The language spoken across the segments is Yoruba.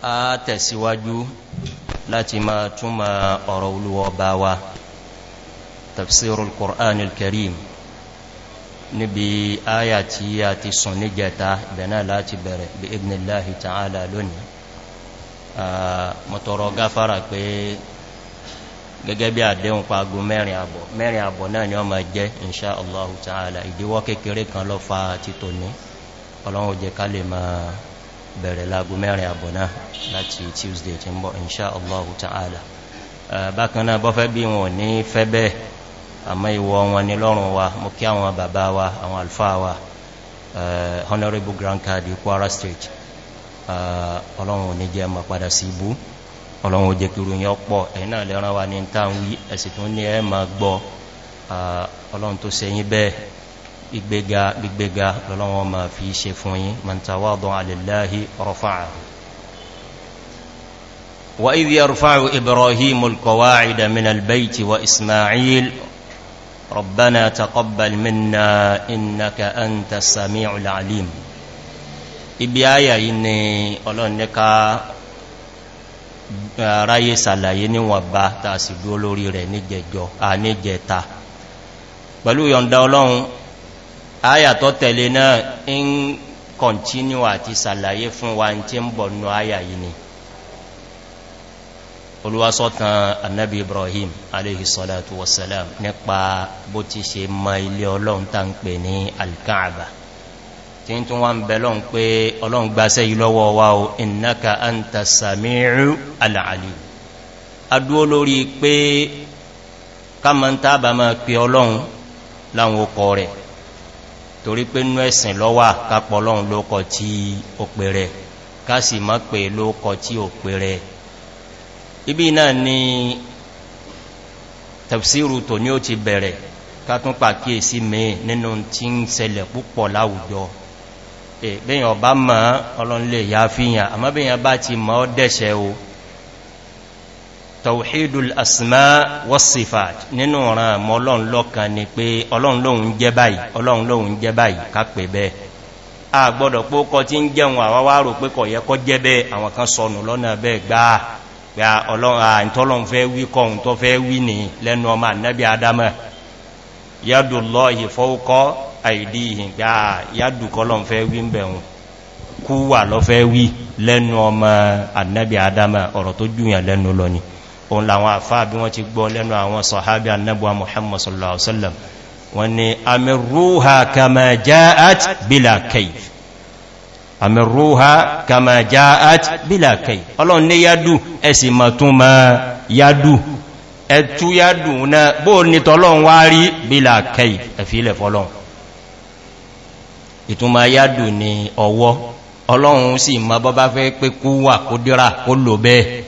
a tẹ̀síwájú láti ma túnmà ọ̀rọ̀ olúwọ bá wa tafsirul ƙor'an al-karim níbi aya tí a ti sùn ní jẹta bẹ̀nà láti bẹ̀rẹ̀ bí ibn allahi ta'ala lónìí mọ̀tọ̀rọ̀ gáfàrà pé gẹ́gẹ́ bí àdéhùn pàgó mẹ́rin àbọ̀ náà ni ọ ma jẹ́ inṣá allahu ta'ala ìdíwọ́ kékeré kan lọ fa títò ní ọlọ́run jẹ ká lè máa bẹ̀rẹ̀ láago mẹ́rin àbọ̀ná láti tuesday tí ń bọ̀ inṣá allahu ta'ala bákaná bọ́fẹ́ bí wọn ní fẹ́ bẹ́ẹ̀ àmọ́ ìwọ wọn ni lọ́rùn wa mú kí àwọn wa àwọn alfa wa honorable grand card kwara state ọlọ́run ní jẹ́ ma padà sí ibú ọlọ́run jẹ́ kí ròyìn ọpọ̀ ẹ̀yìn náà wa ìgbéga gbígbéga lọ́lọ́wọ́ ma fi ṣe fún yí mọ̀ntàwádọ́ alìláhí rọ̀fáà wa idh yarfa'u ibrahim alqawa'ida min albayt wa isma'il rabbana taqabbal minna innaka antas sami'ul alim ibi aya yi ni olon ni ka raye ni won ta si do lori re ni pẹ̀lú yọ̀nda ọlọ́run ayàtọ̀ tẹ̀lé náà in continue àti sàlàyé fún wa tí ń bọ̀ nù ayà yìí ni olúwasọ́tàn annabi ibrahim aléhìsọ́látù wasalam nípa bó ti ṣe ma ilé ọlọ́run tá ń pè ní alkaaba tí ń tún wá ń bẹ̀lọ́n pé ọlọ́run gbáṣẹ́ yìí lọ́wọ́ wa o innaka an ta samiru al'ali adúó lórí pé ká ma ń tábà ma pè ọlọ́run láwọn okọ̀ rẹ̀ torí pé nú ẹ̀sìn lọ́wà kápọ̀ lọ́run ló kọ tí ó pèrè káàsì má pè ló kọ tí ó pèrè ibi náà ni tafsiru tó ní ó ti bẹ̀rẹ̀ kátún pàkíyèsí mẹ́ nínú tí ń sẹlẹ̀ púpọ̀ láwùjọ bẹ́yàn tàwíhìdùl asmá wọ́sífàt nínú ọ̀ràn àmọ́ ọlọ́run lọ́kan ni pé ọlọ́run lóhun jẹ́ báyìí ọlọ́run lóhun jẹ́ a gbọ́dọ̀ pé kọ tí ń jẹun àwáwá pé kọ̀ yẹ kọ́ jẹ́ bẹ́ẹ̀ àwọn kan sọnù lọ́nà bẹ́ẹ̀ gbáà pé àìntọ́lọ́n fẹ́ wí kọ́hun tó fẹ́ lẹ́nu ọmọ ànẹ́bí adama ọ̀rọ̀ tó lẹ́nu lọ òun làwọn àfáà bí wọ́n ti gbọ́ lẹ́nu àwọn sọ̀hábí annabuwa muhammad sallallahu alaihi wasallam wọ́n ni amiruha kama ja'at bila kai amiruha kama ja'at bila kai ọlọ́run ní yádù ẹ̀sì mọ̀túnmọ̀ yádù ẹ̀tú yádù na bó ní tọ́lọ́run wá rí bila kai ẹ̀fílẹ̀ fọ́lọ́run ìtúnmọ̀ yádù ni ọwọ́ ọlọ́run sì mọ́ bọ́bá fẹ́ pé kú wà kó dírà kó lò bẹ́ẹ̀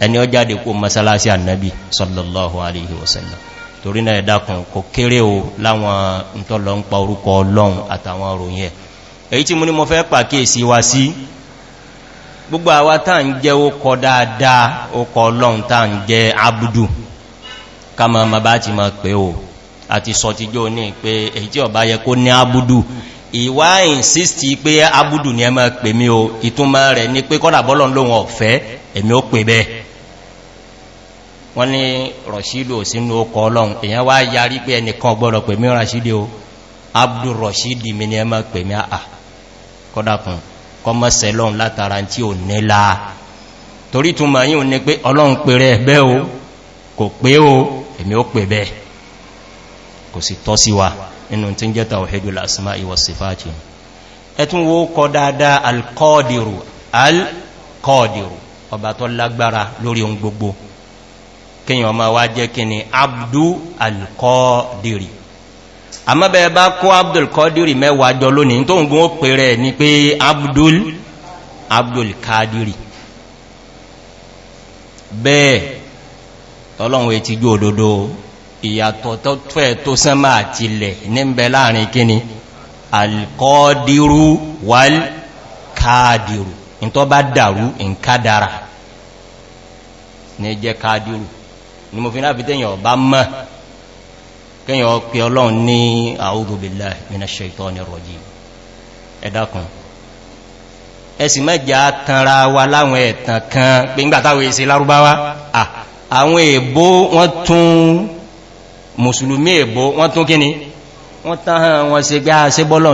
ẹni ọ jáde kó masalasi annabi sallallahu alaihi wasallam torí náà ẹ̀dàkùn kò kéré o láwọn ntọ́lọ ń pa orúkọ ọlọ́run àtàwọn òròyìn ẹ̀ èyí tí mú ní mo fẹ́ pàkíyèsí wá sí gbogbo àwá táà ń jẹ́ ókọ dáadáa ókọ ọlọ́run táà ń jẹ́ abudu ká ma ma bá ti ma pé o àti sọ abudu ìwá insisti pé abudu ni ẹ ma pè mí o ìtumọ̀ rẹ̀ ni pé kọ́dàbọ́lọ́ lóhun ọ̀fẹ́ èmi ó pè bẹ́ẹ̀ wọ́n ní rọ̀ṣídò sínú ọkọ̀ ọlọ́run èyàn wá yarí pé ẹnìkan gbọ́rọ̀ pèmí rọ̀ṣídò abdul rọ̀ṣídì mi ni ẹ mọ́ pèmí àà kọ́dàkùn kọmọ́sẹ̀ lọ́run látara tí ò nílá torí tún ma yíò ní pé ọlọ́run pè rẹ̀ bẹ́ o kò pé o èmi ó pè bẹ́ kò sì tọ́ sí wa inú tí ń jẹ́ta òhèdù lásìmá ìwọ̀sífàájì ẹtún wo kọ dáadáa kíyàn ọmọ wá jẹ́ kí ni abdú alkọ́dìrì àmọ́bẹ̀ bá kó abdul kọ́dìrì mẹ́wàá jọ lónìí tó ń gún ó pè rẹ̀ ní pé abdul abdul kadiri bẹ́ẹ̀ tọ́lọ́run etí jú òdòdó ìyàtọ̀ tó tẹ́ tó sánmà àti ilẹ̀ ní ń láàrin kíni alkọ́dìrú wal kadìrú in tó bá dàrú in kádàrà ní jẹ́ kadìrú ni mo fi náà fi tẹ́yàn ọba mọ́ kẹ́yàn pẹ ọlọ́run ní a'udhu billahi minash shaitonir rajim ẹ dákun ẹ̀sì mẹ́jà tanra wa láwọn ẹ̀tàn kan pé ńgbàtàwò èsì lárúbáwá àwọn èèbó wọ́n tún mùsùlùmí èèbó wọ́n tún kíni wọ́n táhàn wọn se gbá se bọ́lọ̀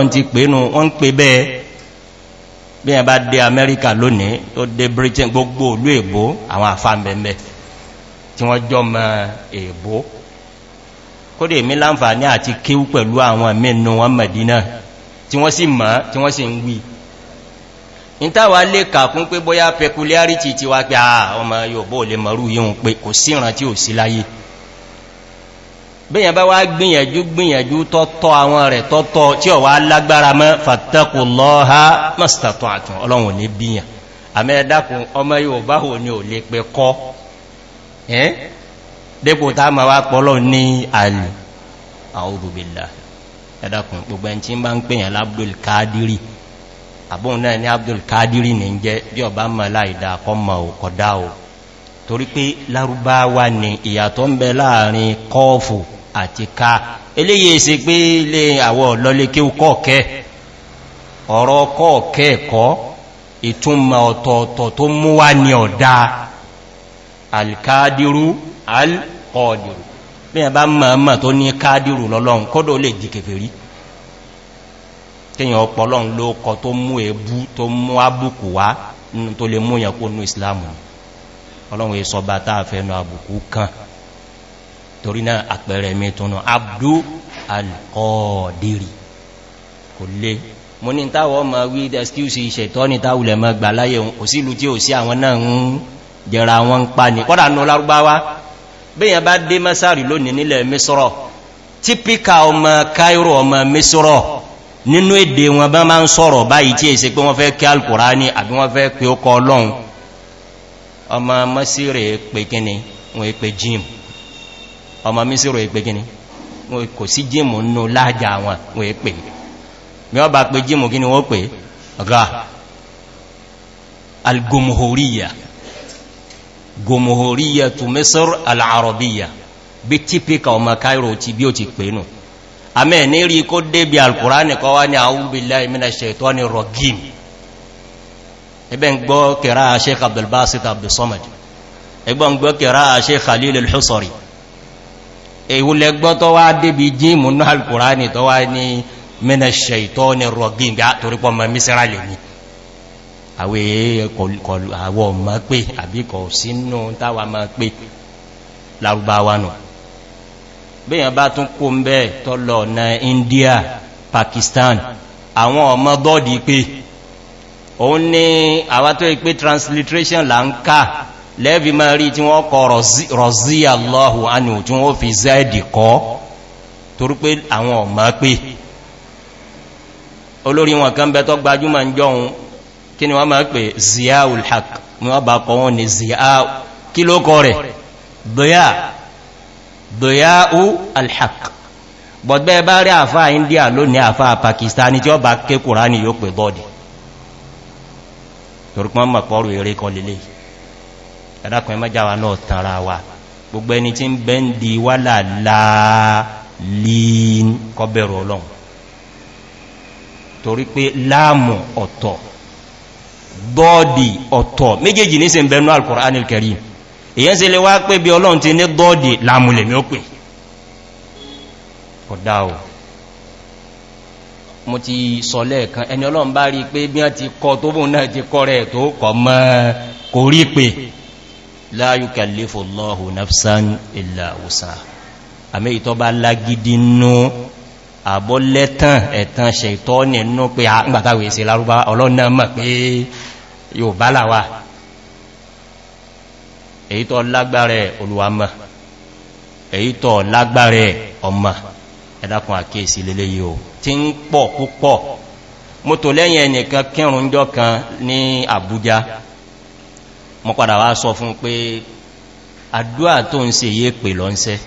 bí ẹ bá dé Amẹ́ríkà lónìí tó dé Britain gbogbo olú èèbó àwọn àfáàmẹ́mẹ́ tí wọ́n jọ mọ́ èèbó kódè mí láǹfààní àti kíw pẹ̀lú àwọn mẹ́nu wọn mẹ̀dínà tí wọ́n sì mọ́ tí wọ́n sì ń wí ní táwà lè kàkún pé bóyá peculiarity ti wá pé àà ọmọ yóò lè mọ̀rú yíò pé kò síran tí ò sí láyé bẹ́yàn bá wá gbìyànjú gbìyànjú tọ́tọ́ àwọn rẹ̀ tọ́tọ́ tí ọ̀wá lágbára mọ́ fàtẹ́kù lọ́ha mọ́sítàtọ̀ àtùn ọlọ́run ní bíyàn àmẹ́ẹ̀dàkùn ọmọ yóò báhò ní ò lè pẹ kọ́ ẹ́n dépò tá ma wá pọ́lọ̀ ní àlù àwòbùbìlà ẹ̀dàkùn gbogbo ẹn tí ń bá ń pèyàn lábdùl kádírì àbóhun náà ní abdùl kádírì ní jẹ́ bí ọba mọ̀ láìdá kọmọ̀ òkọ̀dá o torí pé lárúbáwá ni ìyàtọ̀ ń bẹ láàrin kọ́ọ̀fù àti ká eléyè ṣe pé ilé àwọ̀ lọ́lékí kọ́ọ̀kẹ́ ọ̀rọ̀ kọ́ọ̀kẹ́ ẹ̀kọ́ ìtúnmọ̀ ọ̀tọ̀ọ̀tọ̀ tó mú wá ní ọ̀dá alkadiru alkọ̀ọ̀dìrù bí i bá mọ̀ọ́mọ̀ tó ní kádìrù lọ́lọ́run kódò lè di kèfèrí kíyàn ọpọlọ́run ló kọ tó mú ebú tó mú àbùkù wá tó lè mú yàn kó nú islamu ọlọ́run èso bá táà fẹ́nu àbùkù kan torí náà àpẹẹrẹ mẹ́tọ́nà abdú alkọ̀ọ̀dìrì kò lè mo ní táwọ́ ma wí excuse ìṣẹ̀tọ́ ní táwùlẹ̀ mọ́ gbà láyé òsìlú tí ò sí àwọn náà ń jẹra wọn ń pa ní kọ́dà nù lárúgbáwá bíyàn bá dé mẹ́sàrì lónìí nílẹ̀ mísọ́rọ̀ típíkà ọmọ cairo ọmọ mísọ́rọ̀ nínú èdè wọn bá máa ń sọ̀rọ̀ báyìí tí èsì pé wọ́n fẹ́ kí alkùránì àbí wọ́n fẹ́ pé ó kọ ọlọ́run jim ọmọ mísìrì pé kíni wọ́n kò sí jim nù láàjà wọn wọ́n pé mi ọba pé jim kíni wọ́n pé ra algomhoriya gomohoriyatu misr al'arabiya bí típíkà ọmọ cairo ti bí ó ti pè nù amẹ́ ní rí kó débi alkùránì kọ́ wá ní àwúbìlá ìmìnà ṣètọ́ ni rọ̀gìm ẹgbẹ́ ń gbọ́ kẹrà sheik abdulbasit abdulsamad ẹgbẹ́ ń gbọ́ kẹrà sheik khalil al-husari ìwúlẹ̀ gbọ́ tó wá débi jíìmù ní alkùránì tó wá ní mìnà ṣètọ́ ni rọ̀gìm àwẹ̀ àwọ̀ ọmọ pé àbíkọ̀ sínú táwà máa pé lárúbáwà nù bíyàn bá tún kó ń bẹ́ tọ́lọ̀ na india pakistan àwọn ọmọ bọ́ọ̀dì pé òun ní àwá tó ipé transliteration là ń ká lẹ́bí máa rí tí wọ́n kọ rọ̀zí allahu anu tí wọ́n fi zẹ́ẹ̀dì kọ́ torí pé àwọn ọmọ pé olórin wọn kan bẹ tó gbajúmọ̀ ń jọun kí ni wọ́n máa pè ziyaul haq ni wọ́n bá kọ wọn ni ziyaul kí ló kọ rẹ̀ dọ́yá dọ́yáú alhaq bọ̀dẹ́ bá rí àfá india lónìí àfá pakistani tí ó bá ké kùránì yóò pè bọ́ọ̀dì torùpọ̀ mọ̀pọ̀rù eré kan lè torí pé láàmù ọ̀tọ̀ dọ́ọ̀dì ọ̀tọ̀ méjèèjì ní sí ìbẹ̀nú alkùnrin kẹrì èyàn sí lè wá pé bí ọlọ́run ti ní dọ́ọ̀dì lámùlẹ̀ mí ó pè ọ̀dá o mo ti sọ lẹ́ẹ̀kan ẹni ọlọ́run bá rí pé bí wọ́n ti kọ tó bùn náà àbọ́lẹ́tàn ẹ̀tàn ṣẹ̀tọ́ nínú pé a ń gbàtàwé sí lárúbá ọlọ́nà mọ̀ pé yóò bá làwà èyí tọ́ lágbàrẹ̀ olùwàmọ̀ èyí tọ́ lágbàrẹ̀ ọmọ ẹ̀dàkùn àkíyèsí lélẹ́ yìí o tí ń pọ̀ púpọ̀ mọ́tò lẹ́yìn ẹnìkan kírùn jọ kan ní àbújá mọ́ padà wá sọ fún pé àdúà tó ń se yé pè lọ́nṣẹ́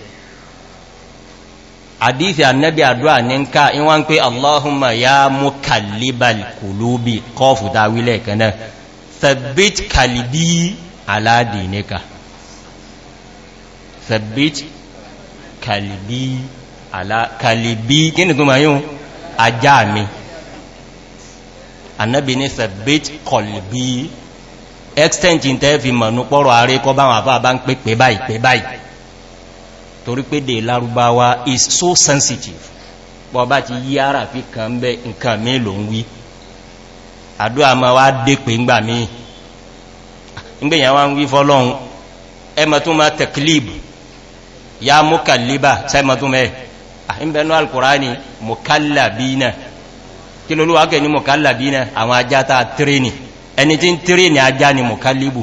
àdífì annabi àdúrà ní ń ká in wá ń pé allahumma ya mú kalibal kulubi kọfù dáwílẹ̀ kaná thabbit kalibi aláàdì níka thabbit kalibi ala kalibi kíni tó ma yíò ajá mi annabi ní thabbit kalibi extent in tẹ́ fi mọ̀ nú pọ́rọ̀ àríkọ́ báwọn àfáà bá ń pè pè báyìí pè báyìí torí pé dè lárúbáwá is so sensitive bọ́ bá ti yí ara fi kàn bẹ́ nǹkan mí lò ń wí àdúrà ma wá dé pé ń gbà mí ngbèyàn wá ń wí fọ́lọ́run ẹmọ tó máa tẹ̀klib ya mọ́kàlíbà sẹ́mọ tó mẹ́ ìbẹ̀nú alkùránì mọ́kàlàbínà kí lolúwákẹ́ ní mọ́kàlàbínà àwọn ajá ta tírénì ẹni tí ń tírénì ajá ni mọ́kàlíbù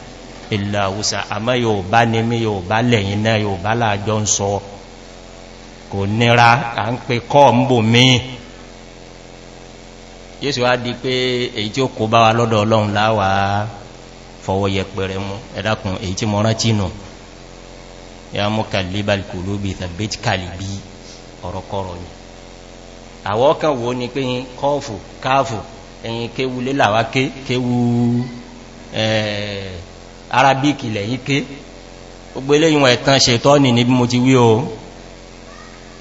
ìlà òsà àmọ́ yóò bá ní mí yóò bá lẹ̀yìn náà yóò bá láàjọ ń sọ kò nira à ń pe kọ́ ń bò mí yíso wá di pé èyí tí ó kó bá wa lọ́dọ̀ ọlọ́run láwà fọwọ́ yẹpẹrẹ mú ẹ̀dàkùn èyí tí mọ́rán tínú ya mú kàlíbàlì ló bí tàbí arabic ilẹ̀ yìí ké gbogbo ilé ìwọ̀n ẹ̀tàn ṣètọ́nì níbi mo ti wí o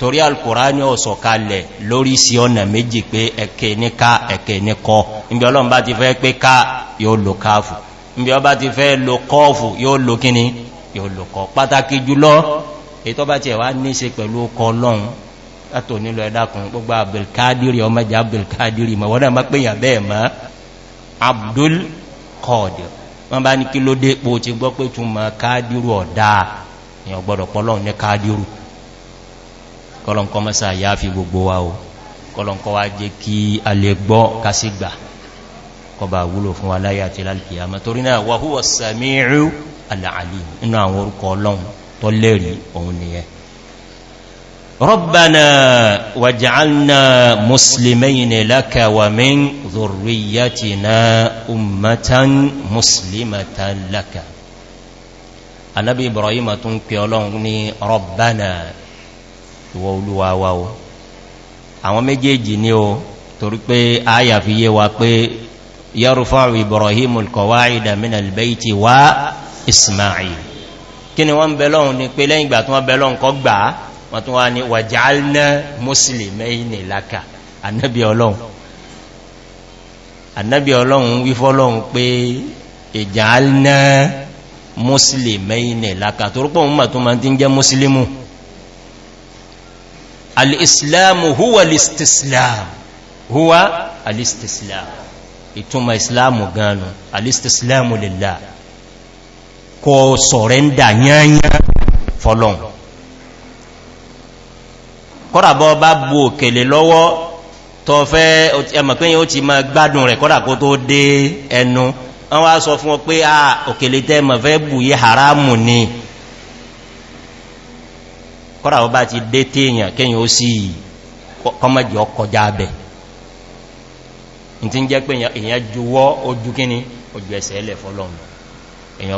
torí alkùránì ọ̀sọ̀kalẹ̀ lórí sí ọ̀nà méjì pé ẹ̀kẹ́ ní ká ẹ̀kẹ́ ní kọ́ ibi ọlọ́run bá ti fẹ́ pé ká yóò lò káàfù ibi ọba ti fẹ́ lò kọ́ọ̀fù yóò lò kíní yóò lò kọ́ pàtàkì jùlọ ètò bá ti ẹ̀wà ní ṣe pẹ̀lú ọkọ̀ ọlọ́run látò nílò ẹ̀dàkùn gbogbo abdulkadiri ọmọdé abdulkadiri mọ̀wọ́n náà má pèyàn bẹ́ẹ̀ mọ́ abdul kọ́ọ̀dẹ̀ wọ́n bá ní kí ló dé pò ti gbọ́ pé tún ma káàdìrú ọ̀dá èyàn gbọ́dọ̀ pọ́lọ̀ ní káàdìrú kọlọ̀nkọ́ mẹ́sà yá fi gbogbo wa o kọlọ̀nkọ́ wá jẹ́ kí a lè gbọ́ kásígbà kọba wúlò fún aláyà àti lálkìyàmọ́ ربنا واجعلنا مسلمين لك ومن ذريتنا أمة مسلمة لك النبي إبراهيم تنكيولوني ربنا وولواواو àwọn méjèèjì ní o torí pé ayà fi yé wa pé yẹ́rùfà ibrahim alkọwàídà min albaiti wa ismail kí ni wọ́n bẹ̀lọ́un ni pé lẹ́yìn ìgbà tí wọ́n bẹ̀lọ́un kọ gbàá wọ́n tún wá ní wàjálná mùsùlùmí láka annabi ọlọ́run annabi ọlọ́run wífọ́lọ́run pé ìjálná mùsùlùmí láka torúpọ̀ mọ́ tó ma ti ń jẹ́ mùsùlùmù al'islamu huwa al'istislam huwa al'istislam ìtumọ̀ islamu ganu al'istislamu lè la kò sọ̀rẹ́ndà kọ́dàbọ́ bá bu òkèlè lọ́wọ́ tọ́ fẹ́ ẹmọ̀pẹ́yìn ó ti ma gbádùn rẹ̀ kọ́dàkó tó dé ẹnu wọ́n sọ fún ọ pé à òkèlè tẹ́ mọ̀ fẹ́ bù yí haramu ni kọ́dàbọ́ bá ti dé téèyàn ó sì kọ́mọ̀jì ọkọjá bẹ̀ tí ń jẹ́ pé èyàn juwọ́ ojú kíní ojú ẹsẹ̀ ẹlẹ̀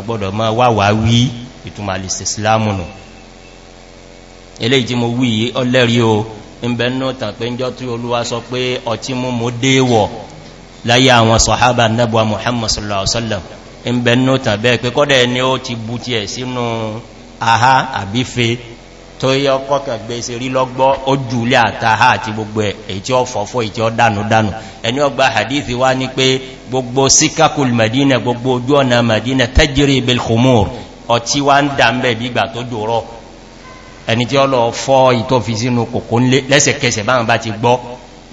gbọ́dọ̀ máa wà wá wí eléyìí tí mo wí yìí ọlẹ́rí o ìbẹ̀ nù tàn pé ń jọ tí olúwa sọ pé ọtí mú mú déèwọ̀ láyé àwọn sọ̀hábà nẹ́bùwa muhammad sallallahu alaihi wasallam ìbẹ̀ nù tàn bẹ́ẹ̀ pé kọ́dẹ̀ ni aha àbífe tó yẹ ọkọ̀ kẹgbẹ́ sí e rí lọ́gbọ́ ó jùlẹ̀ àtàhà àti gbogbo ẹ̀ tí ó fọ́fọ́ hadithi wá ní pé gbogbo síkàkùl madina gbogbo tajiri belkhomor ọtí wá ń dà ń bẹ̀ bí ìgbà tó jòrọ̀ ẹni tí ó lọ fọ́ ìtọ́ fi sínú kòkó lẹ́sẹ̀kẹsẹ̀ báwọn bá ti gbọ́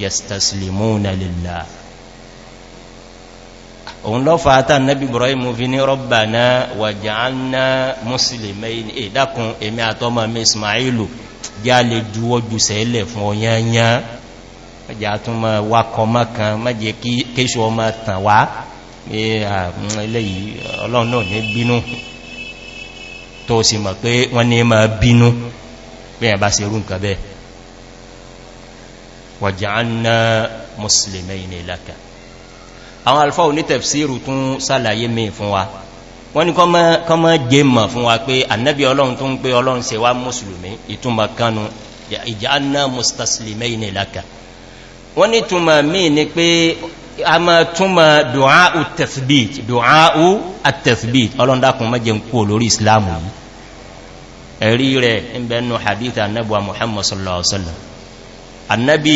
yastaslimuna lillah òun lọ fàátà nẹ́bí ibrahim fi ní rabbana waj'alna muslimayn ìdákun èmi àtọ́mà mi ismailu já lè juwọ́ jù sẹ́lẹ̀ fún ọyányá mẹ́jẹ́ àtúnmọ̀ wakọ̀ mọ́kan mẹ́jẹ́ kéṣù ọmọ tàn wá eléyìí ọlọ́run náà ní bínú tó sì mọ̀ pé wọ́n ní ma bínú bẹ́ẹ̀ bá ṣe rú nǹkan bẹ́ẹ̀ wàjáánà musulmi ní ìlàkà àwọn alfa ò ní tẹ̀fsíìrù tún sàlàyé mìí fún wa wọ́n ni kọ́ mọ́ jẹ mọ̀ fún wa pé annabi ọlọ́run tó ń pé ọlọ́run se wá musulmi ìtumọ̀ kanu ìjáánà musulmi ní ìlàkà wọ́n ni ẹ̀rí rẹ̀ ìbẹ̀nu hadita annabuwa muhammad sallallahu ala'uwa annabi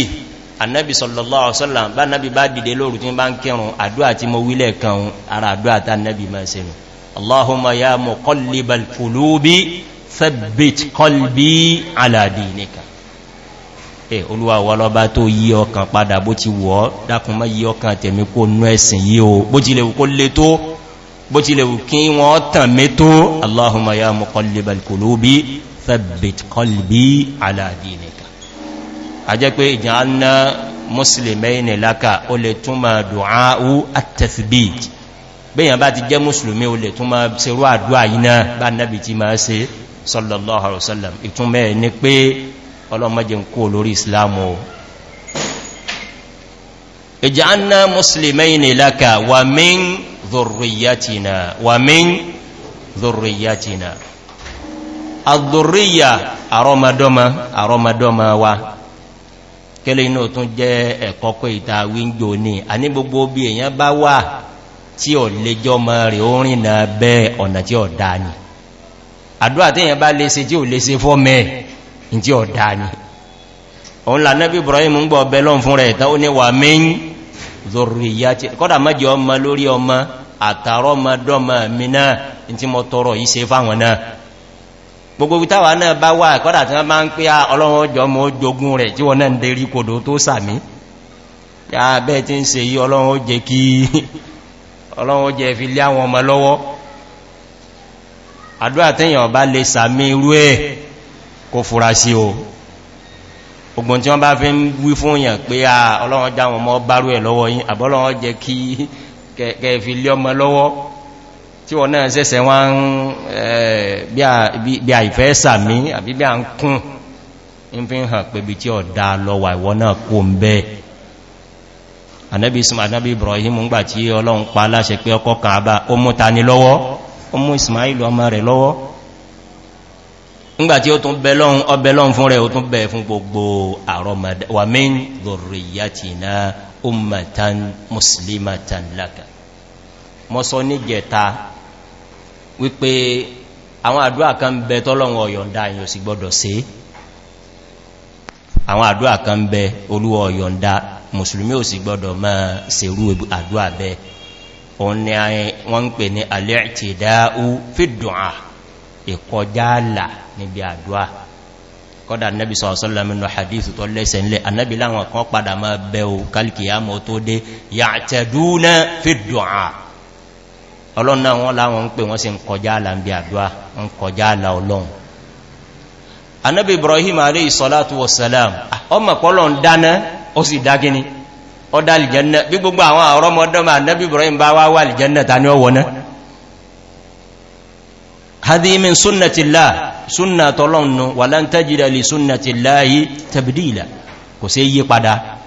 annabi sallallahu ala'uwa bá nabi bá dìde lóòrù tí bá ń kírùn àdúà tí mo wílẹ̀ kan ara àdúà tá annabi máa se nù allahumma ya mu kọlibal kulubi thabbit kolbi aladinika e olúwa wọ lọ bá tó yí ọkàn padà bó ti wọ́ dákùnmọ́ yí ọkàn tẹ̀mí kó nú ẹ̀sìn yí o bó ti lè kó lè tó bó ti lè kí wọ́n tàn mẹ́tó allahumma ya muqallibal qulubi thabbit qalbi ala dinika a jẹ́ pé ij'alna muslimayn laka o lè túnmà du'a'u at-tathbit bẹ́yàn bá ti jẹ́ musulmi o lè túnmà serú àdúwà yína bá nábi ti máa se sallallahu alaihi wasallam ìtúnmẹ́ ni laka wa min ذريتنا ومن ذريتنا الذرية àrọmọdọ́mọ àrọmọdọ́mọ wa kẹlẹ̀ inú tún jẹ́ ẹ̀kọ́kọ́ ìta wíńgbò ní a ní gbogbo bí èyàn bá wà tí ò lè jọ mọ́ rẹ̀ orin na bẹ́ ọ̀nà tí ò dáa ni àdúrà tí èyàn bá lè ṣe tí ò lè ṣe fọ́ mẹ́ tí ò dáa ni òun lànẹ́bí Ibrahim ń gbọ́ ọbẹ̀ lọ́n fún rẹ̀ tán ó ní wà mẹ́yìn zurriyati kọ́dà mẹ́jọ ọmọ lórí ọmọ àtàrọ mọ́dọ́mọ́ mi náà in tí mọ́ tọrọ yìí se fáwọn náà gbogbo ìtawà náà bá wà kọ́dà tí wọ́n bá ń pé ọlọ́run ọjọ́ mọ́ jogun rẹ̀ tí wọ́n náà ń derí kodò tó sàmí bẹ́ẹ̀ tí ń se ogun tí wọ́n bá fi ń wí fún èèyàn pé a ọlọ́run já wọn mọ́ bárú ẹ̀ lọ́wọ́ yí àbọ́lọ́run jẹ kí kẹfì lé ọmọ lọ́wọ́ tí wọ́n náà sẹ́sẹ̀ wọ́n bí a ìfẹ́ sàmí àbí bí a ń kún ń fi hàn pé bí tí ọ dá lọ́wà ìwọ náà kó ń bẹ́ anábi ismail anábi ibrahim ń gbà tí pa aláṣẹ pé ọkọ̀ kan àbá ó mú ta ní lọ́wọ́ ismail ọmọ rẹ̀ lọ́wọ́ ńgbàtí ó tún bẹ̀lọ́un ọbẹ̀lọ́un fún rẹ̀ ó tún bẹ̀ fún gbogbo àrọmọdá wà mín lóríyàtìná ummatan muslimatan laka mọ́ sọ ní jẹta wípé àwọn àdúrà kan bẹ tọ́lọ́un ọ̀yọ̀ndá èyàn sì gbọ́dọ̀ sí àwọn àdúrà kan bẹ olúwa ọ̀yọ̀ndá musulmi ò sì gbọ́dọ̀ máa sèrú àdúrà bẹ òun ni wọ́n ń pè ní alẹ́ ìtìdáú fìdùn à ìkọjá àlà níbi àdúà kọ́dà nẹ́bí sọ̀sọ́lọ́mìnà hadith tó lẹ́sẹ̀ nílé annabi láwọn kan padà máa bẹ́ o kálkì ya mọ́ tó dé ya tẹ̀dúnà fi dùn ọlọ́nà wọn láwọn ń pè wọ́n sí ń kọjá àlà ń bí àdúà ń kọjá àlà ọlọ́run annabi ibrahim alayhi salatu wasalam ọmọ pọ́lọ̀ ń dáná ó sì dágíní هذه من سنة الله سنة طلن ولن تجد لسنة الله تبديلا kò sí yí padà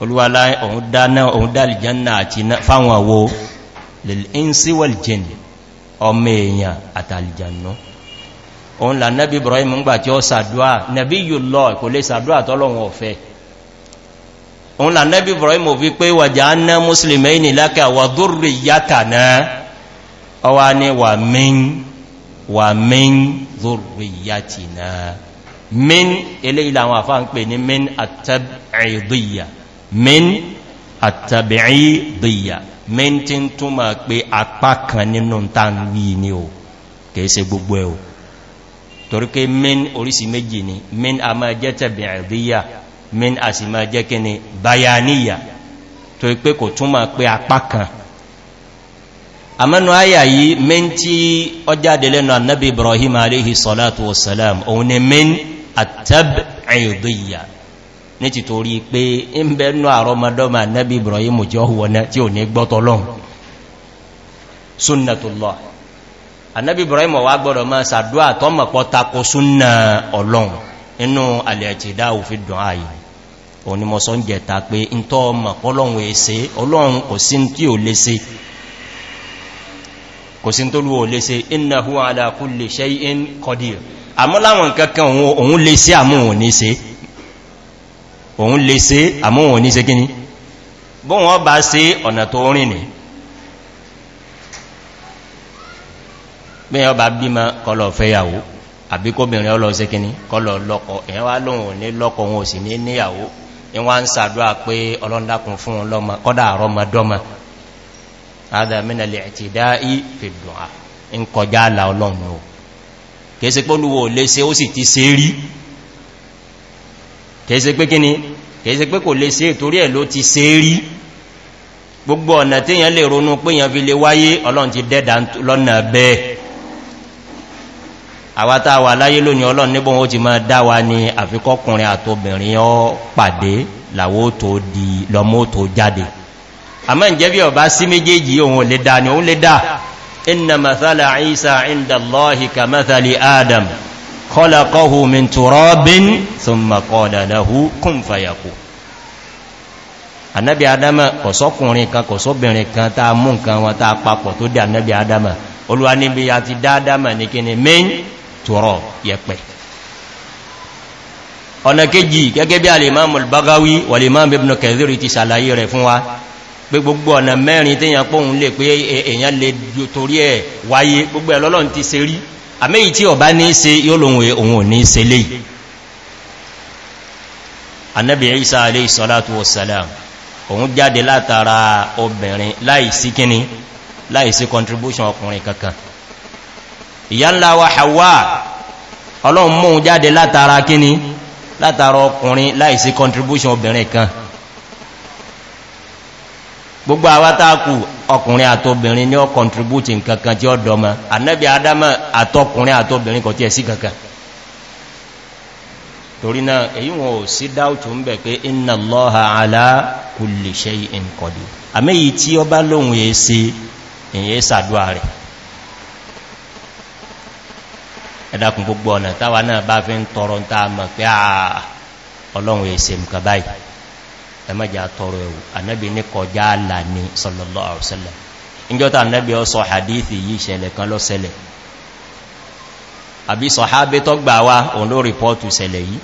olúwàlá òun dáná òun dá lìjánà àti fáwọn àwọ lèlẹ́nsíwẹ̀l jẹni ọmọ èèyàn àtàlìjánà òun là nábi ibrahim ń gbà tí ó sàdúà nàbí yìí lọ kò lè sàdúà tọ́lọ̀wọ̀n ọ̀fẹ́ òun là nábi ibrahim ò fi pé wàjá ná mùsùlùmí ọwá ní wà mín wà mín zurriyati na mín ilé ilẹ̀ àwọn àfáà ń pè ní mín àtàbìdìyà mín àtàbìdìyà mín tí ń túnmà pé apá kan nínú tánwí ni o kèése gbogbo ẹ̀ o toríké mín orísi méjì ni mín a máa jẹ́ tàbìdìyà mín a sì máa jẹ́ kí ni bayaniya tó ipé kò túnmà pé apá kan àmẹ́nu àyà yìí mẹ́n tí ó jáde lẹ́nu annabi ibrahim aléhì sọ́látù wasalam òun ni mẹ́n àtàbàyà ní ti torí pé in bẹ̀nu àrọmọdọ́mà annabi ibrahim jọ wọná tí ò ní gbọ́tọ̀lọ́n sunnatullah annabi ibrahim wà gbọ́dọ̀ máa sàdúwà tọ́mọ̀pọ̀ tako sunna ọlọ́run inú alẹ́tìdá òfin dùn ààyè òun ni pé in tọ́ mọ̀ ọlọ́run èsè ọlọ́run kò sí tí ò lè se kò sí tó lúwọ̀ lè ṣe iná hú aláàkú lè ṣe in kọdí àmọ́ láwọn kankan òun lè ṣe àmúhùn ní ṣe òun lè ṣe àmúhùn ní ṣe gíní bó wọ́n bá ṣe ọ̀nà tó rìn ní bí bá bímọ kọlọ̀ fẹ́yàwó àbí kóbìnrin ọlọ́ ṣe gíní kọlọ̀ lọ́kọ̀ èyàn lọ́kọ̀ òun هذا من الاعتداء في الدعاء ان قجا لا Ọlọ́run o ke se poluwo lè ṣe ó sì ti ṣe rí ke se pé kíni ke se pé kò lè ṣe torí ẹ̀ ló ti ṣe rí gbogbo ọ̀nà téèyàn lè ronú pé èyàn fi lè wáyé Ọlọ́run ti dẹ́dà lọ́nà bẹ́ẹ̀ àwátá wà láyé lónìí Ọlọ́run níbọn ó ti máa dáwà ní àfikọ́kùnrin àtobìnrin ọ pàdé làwó di lọmó tó jáde àmá ìjẹ́ bí ọba sí méjèèjì òun lè dá ní òun lè dá inna mathala isa inda allahi ka mathali adam kọlakọhu min turobin sun makọda lahu kun fayako annabi adama kọ̀sọ́kùnrin kan kọ̀sọ́bìnrin kan ta mú nkan wọn ta papọ̀ tó dé annabi adama olúwa níbi ya ti dá adama ní kíni min turọ yẹpẹ̀ ọ̀nà kejì gẹ́gẹ́ bí alìmọ́ mulbagawi wàlìmọ́ ibn kẹzìrì ti sàlàyé rẹ̀ fún wa pé gbogbo ọ̀nà mẹ́rin tíyàn pọ̀hun lè pé e, èèyàn lè torí ẹ̀ wáyé gbogbo ẹ̀lọ́lọ́n ti se rí àmẹ́yì tí ọ̀bá ní se yóò lòun e, òun ò ní se lè anẹ́bì isa alẹ́ ìsọ́látù wasalam òun jáde látara obìnrin láìsí kíní láìsí contribution ọkùnrin kankan ìyá ńlá wa hawa ọlọ́run mọ́ jáde látara kíní látara ọkùnrin láìsí contribution obìnrin kan gbogbo àwátákù ọkùnrin àtobìnrin ní ọ contribute nkankan tí ó dọ́mọ annabi adama àtọkùnrin àtobìnrin kò tí ẹ̀ sí kankan torí náà èyí wọn ò sí dáútù ń bẹ̀ pé iná lọ́ha alá kulli shay'in qadir àmẹ́yí tí ó bá lóhun èése èyí sàdúwà rẹ̀ ẹ̀dàkùn gbogbo ọ̀nà táwa náà bá fi ń tọrọ ń ta mọ̀ pé àà ọlọ́run èése mkà báyìí ẹmọ́jà tọrọ ẹ̀wù anábi ní kọjá àlà ní sọlọ́lọ́ àrùsẹ́lẹ̀ ìjọta anábi ọ sọ hadithi yìí ìṣẹ̀lẹ̀ kan lọ́sẹ̀lẹ̀ àbí sọ̀hábé tó gbà wá òun ló rìpọ́tù sẹ̀lẹ̀ yìí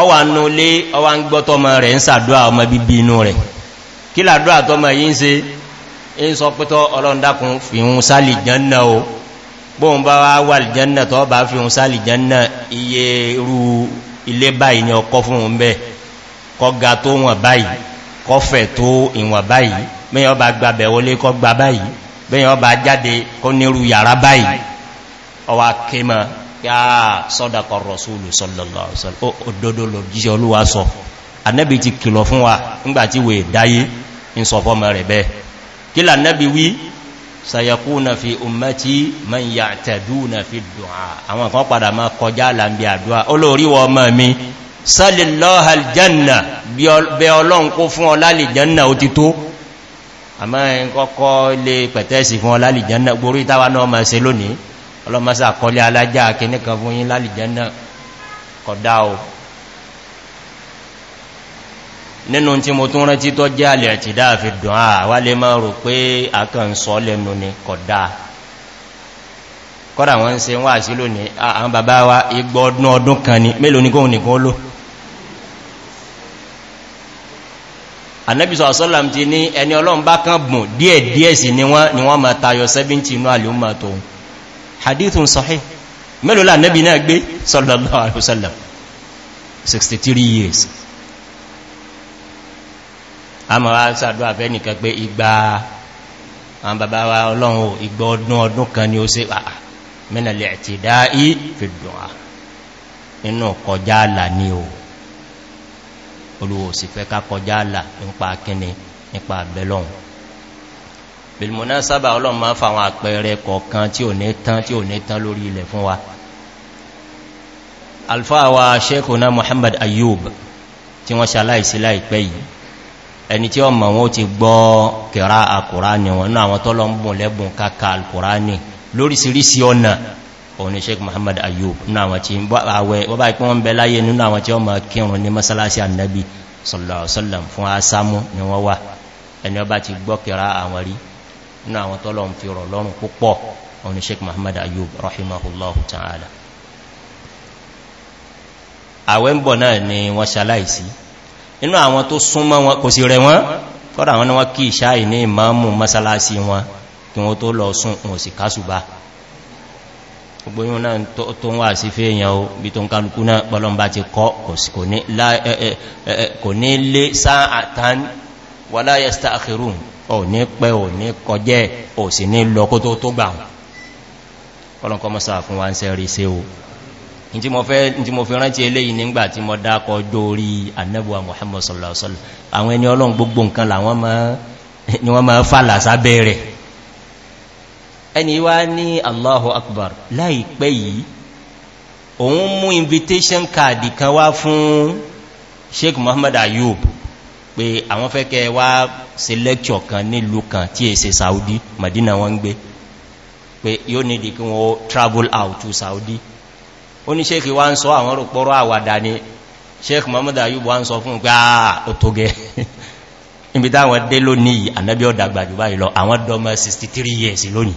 ọwà nú lé ọwà o bóhun bá wá wà jẹ́nà tọ́ bá fi ń sálì jẹ́nà iye irú ilé báyìí ni ọkọ́ fún un bẹ́ẹ̀ kọga tó wọn báyìí kọfẹ̀ tó ìwọ̀n báyìí bẹ́yàn ọba gbàbẹ̀ wọlé kọ gba báyìí bẹ́yàn ọba jáde kọ nírú yàrá báyìí ọwá kémọ̀ yá sọ́dakọ̀ rọ̀súlù sọ́lọ̀lọ́ sayakuna fi ummati man ya'taduna fi du'a àwọn kan padà ma kọjá lambi àdúwà olóríwọ ọmọ mi sálìlọ́hàl janna bí ọlọ́run kó fún ọlálì janna ó ti tó àmá ẹnkọ́kọ́ lè pẹ̀tẹ́sì fún ọlálì janna gborí ìtawà náà ma ṣe lónìí ọlọ́mọsá kọlẹ̀ alájá kìníkan fún yí lálì janna kọ̀dá o nínú tí mo tún rántí tó jẹ́ alẹ̀ àti dáa fi dùn á wà lè máa rò pé àkàn sọ lẹ́nu ni kọ̀dá kọ́dà wọ́n ń se wá sí lónìí àwọn bàbá wa igbọ́ ọdún ọdún kan ni mélòó ní kóhun nìkan lóò anẹ́bìsọ̀ sọ́lá ti ní ẹni ọlọ́run bá kán bùn díẹ̀ díẹ̀ sí ni wọ́n ma tayọ 70 inú àlúmà tó hadithun sọ́hí mẹ́lòlá anẹ́bì náà gbé sọ́lọ́lọ́ àrùsọ́lọ́ 63 years a ma wá sàdúwà fẹ́ nìkan pé igba àwọn bàbá wa olùwò sì fẹ́ ká kọjá àlà nípa kíni nípa àbẹ̀lọ́un bilmuna sábà ọlọ́run máa fàwọn àpẹẹrẹ kọ̀ọ̀kan tí ò ní tán tí ò ní tán lórí ilẹ̀ fún wa alfáwa sheikuna muhammad Ayub tí wọ́n ṣaláìsí láìpẹ́ yìí ẹni tí ọmọ wọn ti gbọ́ kẹra àkùrá ni wọn náà àwọn tọ́lọ́ ń bùn lẹ́bùn káka alkùrá òun ni sheik muhammad ayub nínú àwọn tí wọ́n bá ipẹ́ wọ́n bẹ láyé nínú àwọn tí wọ́n ma kírùn ní masalasi annabi sallallahu fún asámú ni wọ́n wà ẹni ọba ti gbọ́kẹ̀rá àwọn rí nínú àwọn tọ́lọ̀un fi rọ̀ lọ́rùn púpọ̀ òun ni sheik muhammad ayub rahimahullahu ta'ala àwẹ́ ń bọ̀ náà ni wọ́n ṣaláìsí inú àwọn tó gbogbo yíò náà tó ń wà sí fẹ́ èèyàn o bí tó ń kálukú náà pọ́lọ́mbà ti kọ́ kò ní lé sáàtán wà láyé stáàkìrún ò ní pẹ́ ò ní kọjẹ́ ò sì ní lọ kó tó tó gbà pọ́lọ́nkọ́ mọ́sá fún wa ń sẹ́ rí sí o tí mo fi rántí eléyìí nígbà tí mo dákọ dórí annabuwa muhammadu sallallahu alaihi wasallam àwọn ẹni ọlọ́run gbogbo nǹkan làwọn ni wọ́n máa fàlà sábẹ́ rẹ̀ ẹni wá ní allahu akbar láìpẹ́ yìí òun mú invitation card kan wá fún sheikh Muhammad ayub pé àwọn fẹ́ kẹ wá se lecture kan nílùú kan tí è se saudi madina wọ́n gbé pé yóò ní di kí wọ́n travel out to saudi ó ní sheikh wá ń sọ àwọn rọ̀pọ̀rọ̀ àwàdà ni sheikh mohamed ayub wá ń sọ fún pé àà ah, ó tó gẹ ibi táwọn dé lónìí ànábí ọ̀dàgbàjù àwọn dọmọ 63 years lónìí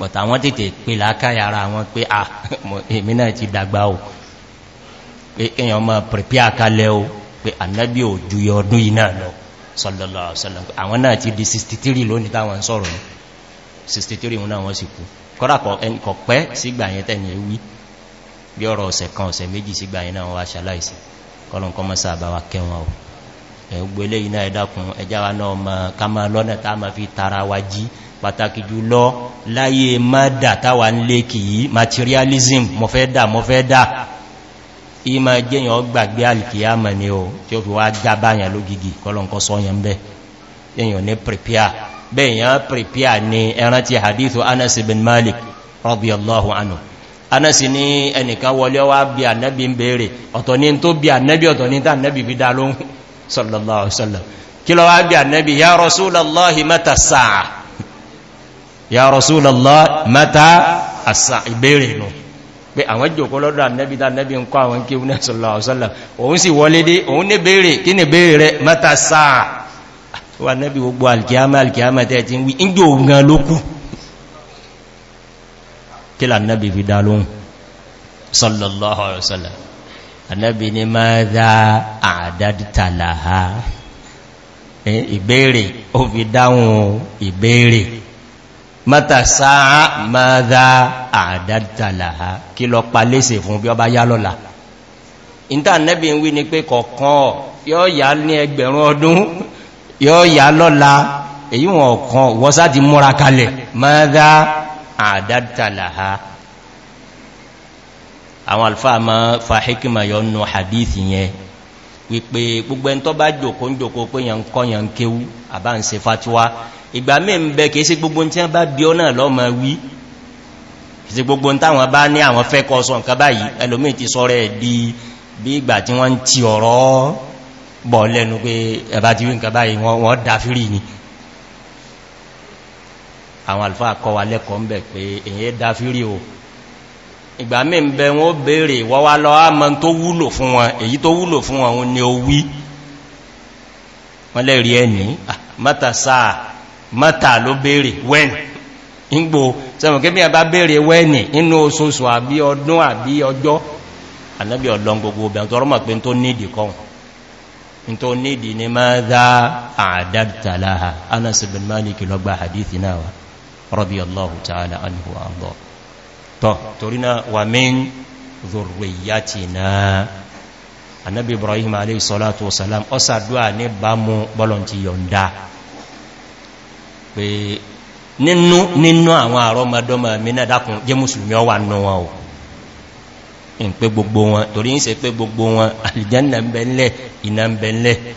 bọ̀tà wọ́n tètè pè lákáyà ara wọn pé à ah, èmì náà ti dàgbà o pé èyàn mọ́ pẹ̀pẹ́ àkálẹ̀ o pé ànábí ò ju ọdún iná lọ sọ́lọ́lọ́ àwọn náà ti di 63 lónìí táwọn sọ̀rọ̀ 63 wọn náà wọ́n sì kú kọ́dàkọ̀ ẹnkọ̀pẹ́ sígbà yẹn tẹ́ni ewí bí ọ̀rọ̀ ọ̀sẹ̀ kan ọ̀sẹ̀ méjì ẹgbẹ̀lẹ̀ iná ẹ̀dàkùn ẹjá wa náà ma ká ma lọ́nà tá ma fi tara wa jí pàtàkì jùlọ láyé má dà táwà ń lé kìí materialism mọ́fẹ́dà mọ́fẹ́dà ìmá jẹ́yàn gbàgbé alìkìyàmà ni o tí ó fi wá jábáyàn lógigi kọlọ̀nkọ́ sọ́yàn bẹ́ èyàn ní ni hadithu anas malik radiyallahu anhu anas ni ẹnìkan wọlé wá bí ànẹ́bí ń bèèrè ọ̀tọ̀ ní tó bí ànẹ́bí ọ̀tọ̀ ní tànẹ́bí fi dá lóhun sallallahu alaihi wasallam kí lọ wá bí ànẹ́bí ya rasulallah mata sáà ya rasulallah mata asa ìbéèrè nù pé àwọn jòkó lọ́dọ̀ ànẹ́bí tá ànẹ́bí ń kọ́ àwọn kí ní sallallahu alaihi wasallam òun sì wọlé dé òun ní béèrè kí ni béèrè rẹ mata sáà wà ànẹ́bí gbogbo alkiyama alkiyama tẹ́ ti ń wí ń jò lókù kí lànẹ́bí fi dá lóhun sallallahu alaihi anábi ni máa dá àdádítàláha ìbéèrè ó fi dáhùn ìbéèrè mọ́ta sáà máa dá àdádítàláha kí lọ pa léṣe fún bí ọ bá yá lọ́la ìntà anábi ń wí ni pé kọ̀kan yóò yá ní ẹgbẹ̀rún ọdún yóò yá lọ́la èyí wọn kan wọ́sá ti múra kalẹ̀ máa dá àdádítàláha àwọn alfa ma fa hikima yọ nù hadith yẹn wípé gbogbo ẹn tó bá jòkó ń jòkó pé yàn kọ́ yàn kéwú àbá ń se fatiwa ìgbà mẹ́ ń bẹ kìí sí gbogbo tí wọ́n bá bí ọ náà lọ ma wí kìí sí gbogbo táwọn bá ní àwọn fẹ́ kọ́ sọ nǹkan báyìí ẹlòmí ti sọ di bí ìgbà tí wọ́n ti ọ̀rọ̀ bọ̀ lẹ́nu pé ẹ̀bá ti wí nǹkan báyìí wọ́n dá fírì ni àwọn alfáà kọ́ wa lẹ́kọ̀ọ́ ń bẹ̀ pé èyí dá fírì o ìgbà mí ń bẹ wọn ó bèèrè wọ́wá lọ ámọ́ tó wúlò fún wọn èyí tó wúlò fún wọn ni ó wí wọ́n lẹ́rí ẹni ah, mọ́ta sáà mọ́ta ló bèèrè wẹ́n ìgbò sẹ́mọ̀ kí bí a bá bèèrè wẹ́nì inú oṣooṣù àbí ọdún àbí ọjọ́ anábí ọ̀lọ́n gbogbo obìnrin maliki lọ́gbà hadithi náà rọ́bí allahu ta'ala tọ́ torí náà wà mín zurriyatina annabi ibrahim alayhi salatu wasalam ọsàdúwà ní bámu bọ́lọ̀ntí yọ̀nda pé nínú nínú àwọn àrọmọdọ́mọ mínà dákùn jẹ́ musulmi ọwà nù wọn o in pé gbogbo wọn torí ń se pé gbogbo wọn alìjẹ́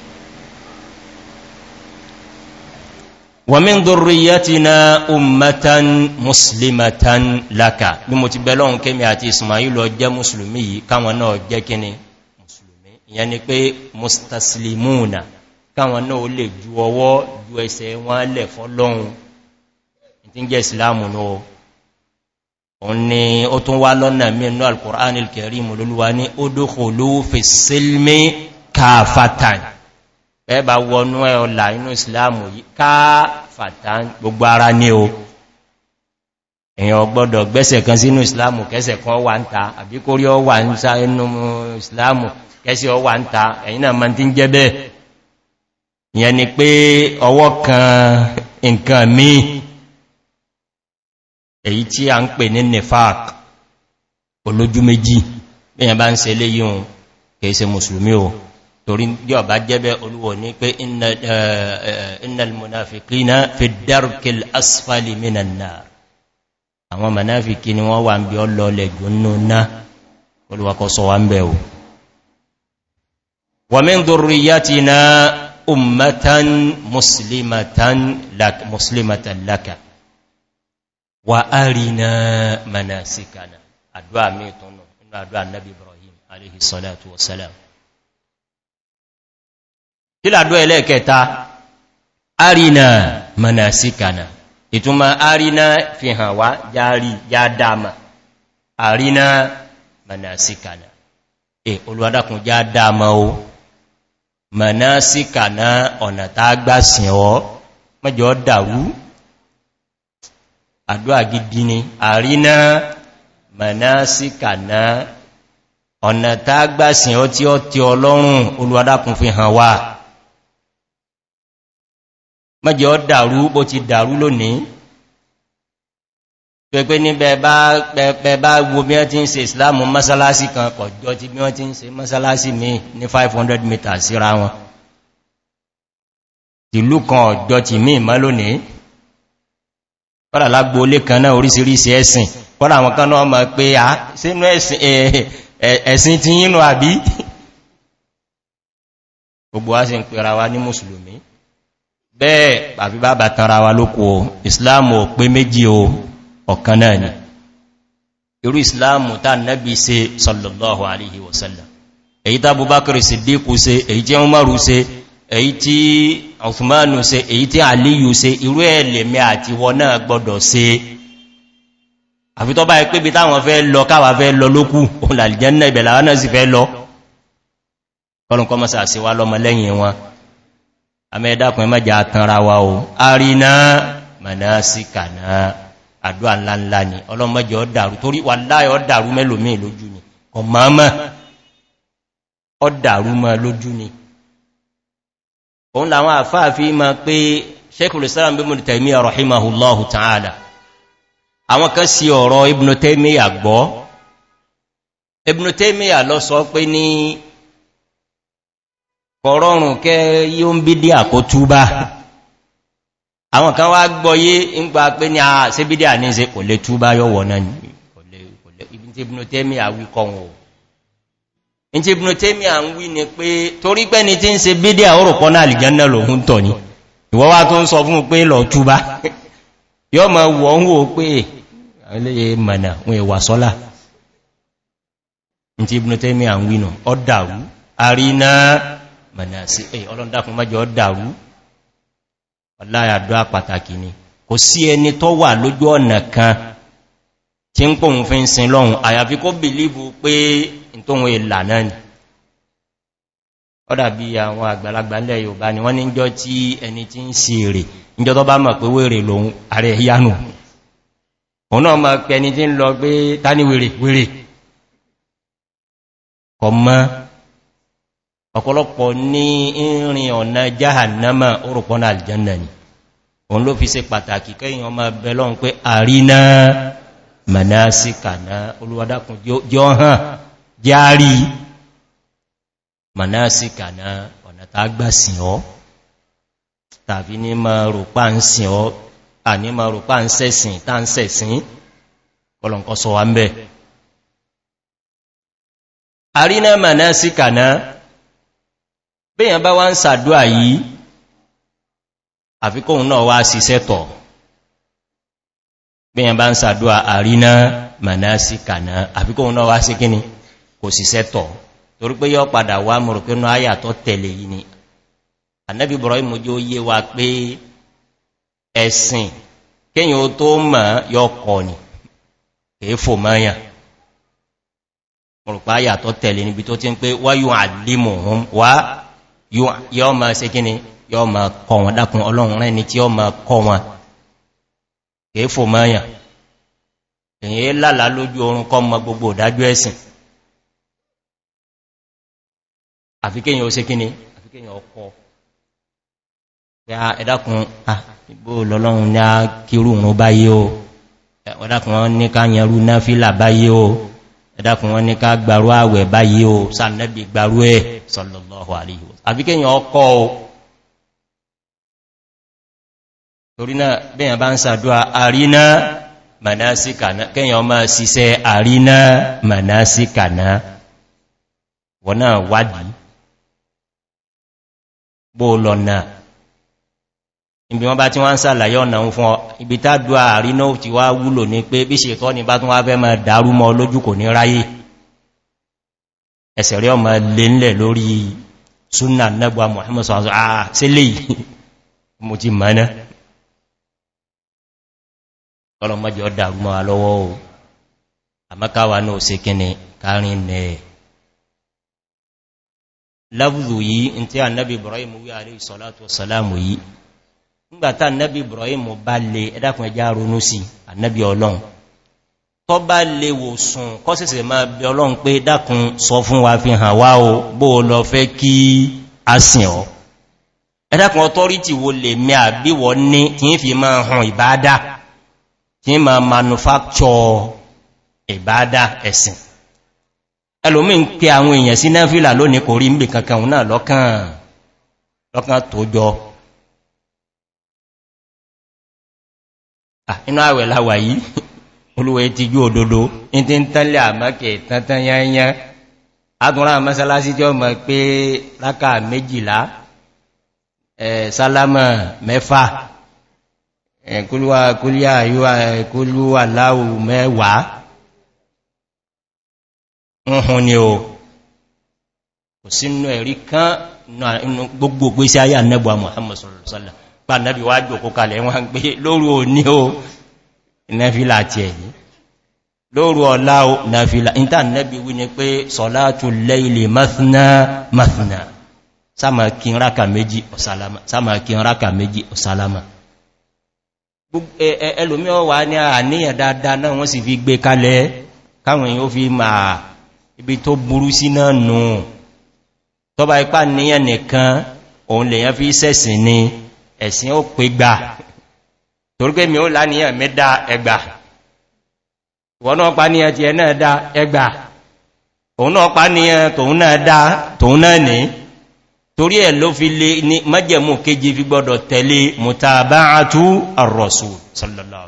wàmín dòrìyàtìna ummatan muslimatan laka bí mo ti bẹ̀lọ́ ń kémi àti ismail lọ jẹ́ musulmi yìí káwọn náà jẹ́ kíni musulmi ìyẹn ni pé mustaslimuna káwọn náà lè ju ọwọ́ ju ẹsẹ̀ wọn lẹ̀ fọ́lọ́hun tí ń náà ẹ̀bà wọnú ẹ̀ ọ̀là inú ìsìláàmù yìí káàfàtà gbogbo ara ní o èyàn gbọ́dọ̀ gbẹ́sẹ̀ kan sínú ìsìláàmù kẹsẹ̀ kan wà ń ta àbí kórí ọ wà ń sá inú ìsìláàmù kẹsẹ̀ ọ wà ń ta ẹ̀yìn náà máa ti ń jẹ́ bẹ́ẹ̀ ìyẹn ni pé ọwọ́ kan nǹkan míì èyí tí a ń pè ní torí yọ bá jẹ́bẹ́ olúwọ̀ ní pé eh, eh, innal munafikina fi darkil asfali minan nar àwọn manafiki ni wọ́n wà ń bí ọ lọlẹ̀ gúnnú náà olúwakọ́ sọ wá ń bẹ̀ o wà mí ń dúrú yá ti wa arina manasikana adúwà mí tunu inú adúwà nabi ibrahim alaihi salatu wasalam kílàdọ́ ẹlẹ́ẹ̀kẹta arina manasikana ìtumọ̀ arina fi hàn wá járí já dáma arina manasikana e olùwádàkùn já dáma o manasikana ọ̀nà tá gbásìn ọ mẹ́jọ dàrú àdúwà gidi ni arina manasikana ọ̀nà tá gbásìn ọ tí ọ tí ọlọ́run olùwádàkùn fi hàn wá mọ́jẹ́ ọ dàrú bó ti dàrú lónìí pẹ̀pẹ́ ní bẹ̀ẹ̀bẹ̀ bá wo bí wọ́n ti ń se islamu masalasi kan kọjọ́ ti bí wọ́n ti ń se masalasi mi ní 500 meters síra wọn tìlú kan ọjọ́ ti mí ìmọ́ lónìí kọ́dà lágbó olé kan náà orísìírísìí ẹ̀sìn kọ́dà àwọn kan náà mọ̀ pé a ah, sínú eh, eh, ẹ̀sìn ti yínú àbí gbogbo wa sì ń pera wa ní mùsùlùmí bẹ́ẹ̀ àfi bá bàtàrà wa lókò o islamu ò pé méjì o ọ̀kan náà ni irú islamu ta nẹ́bí se sallallahu alaihi wasallam èyí tá bubakar siddiqu se èyí tí umaru se èyí tí uthmanu se èyí tí aliyu se irú ẹ̀lẹ̀mẹ́ àti wọ náà gbọdọ̀ se àfi tọ́ bá ẹ pé bí táwọn àmẹ́dàkùn mẹ́jà àtànra wa o àrínà mọ̀násíkà náà àdúwà ńláńlá ni ọlọ́mọ́jẹ ọ̀dàrú torí wà láyọ̀ ọ̀dàrú mẹ́lòmí lójú ni ọmọ́mọ́ ọ̀dàrú mọ́ lójú ni òun làwọn àfáàfí ma pé sẹ́kùlùsára bí mún tẹ̀mí ọ̀rọ̀hímahùlọ́hù tààdà àwọn kan sí ọ̀rọ̀ ibùnú tẹ́mí àgbọ́ kọ̀rọ̀rùn kẹ́ yíó ń bí dí àkótúbá àwọn kan wá gbọ́yé ń gba pé ní àà ah, sí bídí àní ṣe kò lè túbá yọ́wọ̀ náà ní ibi tí ibùn tẹ́mì àwí kọ̀wọ̀ in tí ibùn tẹ́mì à ń wí ni pé torí pé ni tí ń se bídí àórùpọ̀ náà lìjánná lòun tọ̀ ní ìwọ́ wá tó ń sọ fún pé lọ túbá yọ́ mọ̀nà sí pé eh, ọlọ́ndàkùn mọ́jọ dàrú ọláyàdọ́ pàtàkì ni kò sí ẹni tó wà lójú ọ̀nà kan tí ń pòun fi ń sin lọ́hun àyàfi kó bìlíbù pé ìtòhun ìlànà ni ọ́dà bí àwọn àgbàlagbà lẹ́ yóòbá ni wọ́n ní jọ tí ẹni tí ń sí èrè ìjọ tó bá mọ̀ pé wèrè lòun ààrẹ ìyanu òun náà mọ̀ pé tí ń lọ pé táníwèrè wèrè kọ̀ mọ́ ọ̀pọ̀lọpọ̀ ní ìrìn ọ̀nà jahannama orùpọ̀nà aljanna ni òun ló fi se pàtàkì kẹ́yìn ọmọ belon pé àríná manásíkàná olúwadákun jọ hàn járí manásíkàná ọ̀nà tàgbà sìn ọ́ tàbí ní ma rùpá ń sìn ọ́ àní ma rùpá ń sẹ́sìn tá ń sẹ́sìn kọlọ̀nkọ́ àríná manásíkàná bẹ́yàn bá wá ń sàdúà yìí àfikóhun náà wá síṣẹ́ tọ̀ bẹ́yàn bá ń sàdúà àríná mànásíkàná àfikóhun náà wá sí kíni kò síṣẹ́ tọ̀ torí pé yọ padà wá mọ̀rọ̀ pé náà yàtọ̀ tẹ̀lé yìí ni annabi ibrahim ojú ó yé wa pé ẹ̀sìn kíyàn tó mọ̀ yọ kọ̀ tẹ̀lé níbi tó ti ń pé wáyùn àdímọ̀ wá yóò ma ṣe gíní yóò ma kọ wọn dákun ọlọ́run rẹ̀ ní tí ó máa kọ wọn kìí fò mọ́yàn èyí lálà lójú oorun kọ mọ gbogbo ìdájú ẹ̀sìn àfikẹ́yìn ó ṣe gíní àfikẹ́yìn ọkọ̀ ẹ̀dàkùn ìbò lọ́lọ́run ní á kírù rún báyé o ẹ̀dàkùn wọn ní ká yẹrù náà fílà báyé o ẹ̀dàkùn wọn ní ká gbàrú àwẹ̀ báyìí o sànẹ́bì gbàrú ẹ̀ sọ̀lọ̀lọ́hù àríhù àbíkẹ́yàn ọkọ̀ o torí náà bẹ́yàn bá ń sàdúwà àríná mànásíkàná kẹ́yàn máa siṣẹ́ àríná mànásíkàná wọ́n náà wádìí ibi wọn bá tí wọ́n ń sàlàyé ọ̀nà ń fún ọ ibi tádù ààrí náà ti wá wúlò ní pé bí ṣe tọ́ ni bá tún wá fẹ́ máa dárú mọ́ lójú kò ní ráyé ẹ̀sẹ̀ rí ọmọ lè ńlẹ̀ lórí súnà nẹ́gbà mohamed sọ́sọ́ àà sílẹ̀ yìí mo ti a nábi ibrahim wí àrí ìsọ́látọ̀ sọ́lámù yìí ngbàtà nẹ́bí ibrahim bá lè ẹ̀dàkùn ẹjá ronú sí ànẹ́bí ọlọ́run tọ́ bá lè wò sùn kọ́ sẹ̀sẹ̀ máa bí ọlọ́run pé dákùn sọ fún wa fi hàn wá o bó o lọ fẹ́ kí a sìn ọ́ ẹ̀dàkùn ọtọ́rítì wo lè mẹ́ àbíwọ́ ní kí n fi máa hàn ìbáadá manufacture ìbáadá ẹ̀sìn ẹlòmí ń pe àwọn èèyàn sí náfìlà lónìí Ah, inú àwẹ̀ láwà yìí olúwẹ̀ ti jú òdòdó in ti ń tánlẹ̀ àmọ́kẹ̀ tántan yányá agùnrà mọ́sálásí tí ó mọ̀ pé láka méjìlá sálámà mẹ́fà kúlúwà láwù mẹ́wàá ǹhun ni o kò sínú ẹ̀rí kan gbogbo gbé sí ayé annabuwa muhammadu sallallahu alaihi wasallam pàdàbí wá jòkó kalẹ̀ wọ́n gbé lóru òní o náfílà ti ẹ̀yí lóru ọlá o náfílà ìta nẹ́bí wí ni pé sọ̀látù lẹ́ilẹ̀ mathna mathna sámàkín ráka méjì ọ̀sálámà ẹlòmí ọwà ní àníyàn dáadáa náà wọ́n sì fi gbé kalẹ̀ káwọn èèyàn fi máa ibi tó burú sí náà nù tọba ipá níyàn nìkan òun lèyàn fi sẹ́sìn ni ẹ̀sìn ó pè gbà torípé mi ó láníyàn mẹ́dá ẹgbà wọ́n náà pa ní ẹ̀tì ẹ̀ náà dá ẹgbà òun náà pa ní ẹ̀ tòun náà dá tòun náà ní torí ẹ̀ ló fi lé ní mẹ́jẹ̀mú kéje fi gbọ́dọ̀ tẹ̀lé mùtàbáàtú àrọ̀sù sallọ́lá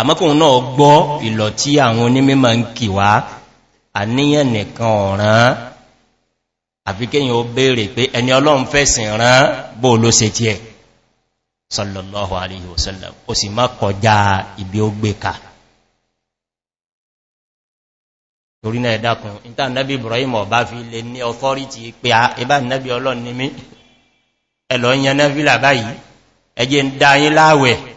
àmọ́kùn náà gbọ́ ìlọ̀ tí àwọn onímẹ́mà ń kì wá àníyàn nìkan ọ̀ràn àfikẹ́yìn ó bèèrè pé ẹni ọlọ́run fẹ́sìn rán bóò ló se tí ẹ̀ sallallahu alayhi wasallam ó sì má kọjá ibi ó gbé ka torí náà ẹ̀dàkùn ìta nẹ́bí ibrahim ọba fi lè ní ọfọ́rítì pé ah, ẹjẹ́ ń dá yín láwẹ̀ẹ́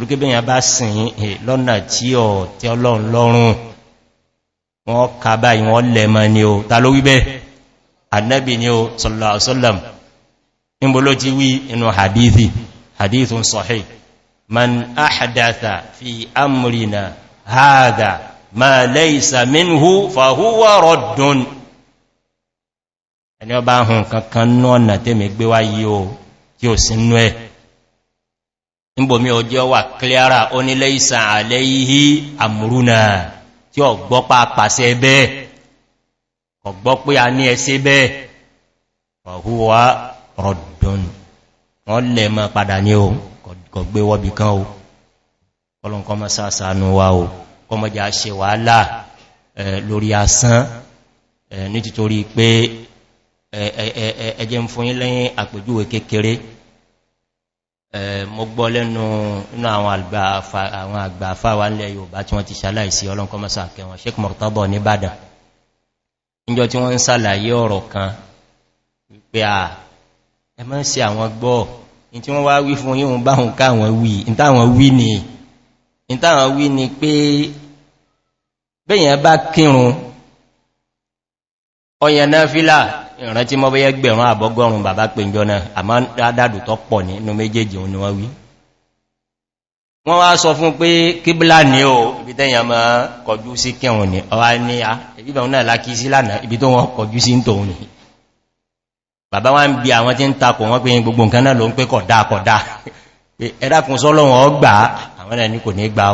torí bí yàn bá sìn lọ́nà tí ọ̀ tí ọlọ́run lọ́rùn wọ́n ká báyìí wọ́n lẹ́mọ ni o ta ló wíbẹ́ annabi ni o sallallahu níbo ló ti wí inú hadithi hadithun sọ̀hẹ́ ẹni ọba ahùn kankan náà tẹ́mẹ̀ gbé wáyé o tí ó sínú ẹ̀ níbòmí ọjọ́ wà kílára ó ní lẹ́ìsàn àlẹ́yìí àmúrúnà tí ọ gbọ́ pa pàṣẹ bẹ́ẹ̀ ọgbọ́ pé a ní ẹsẹ́ bẹ́ẹ̀ ọ̀húwà rọ̀dùn wọ́n lẹ mọ́ padà ní o kọ̀ gbé wọ́bì kan o kọlùnkọ́ mọ́ mo gbọ́ lẹ́nu inú àwọn àgbàfà wà nílẹ̀ yóòbá tí wọ́n ti ṣaláìsí ọlọ́nkọ́ mọ́sà kẹwọn sheik mọ̀tọ́bọ̀ ní bàdàn níjọ tí wọ́n ń sàlàyé ọ̀rọ̀ kan wípé à ẹ mọ́ sí àwọn gbọ́ in tí wọ́n wá wí fún yíò báhùn káwọn wí ni pé bẹ́yàn bá kírun ọyàn náà ìrántí mọ́ bóyẹ́ gbẹ̀rún àbọ́gọ́rùn bàbá péjọ náà àmá dádàdù tó pọ̀ ní inú méjèèjì òun ni wọ́n wí wọ́n wá sọ fún pé kíbílà ní o ibi tẹ́yàn mọ́ kọjú sí kẹrùn ní ọwá ní a ìbíbà náà lákí sí lánàá ibi tó wọ́n kọjú sí tòun ní bàbá wá ń bi àwọn tí ń takò wọ́n pé gbogbo nǹkan náà ló ń pé kọ̀dá kọ̀dá ẹ̀dàkùn sọ́lọ́wọ́n ọgbà àwọn ẹni kò ní gbà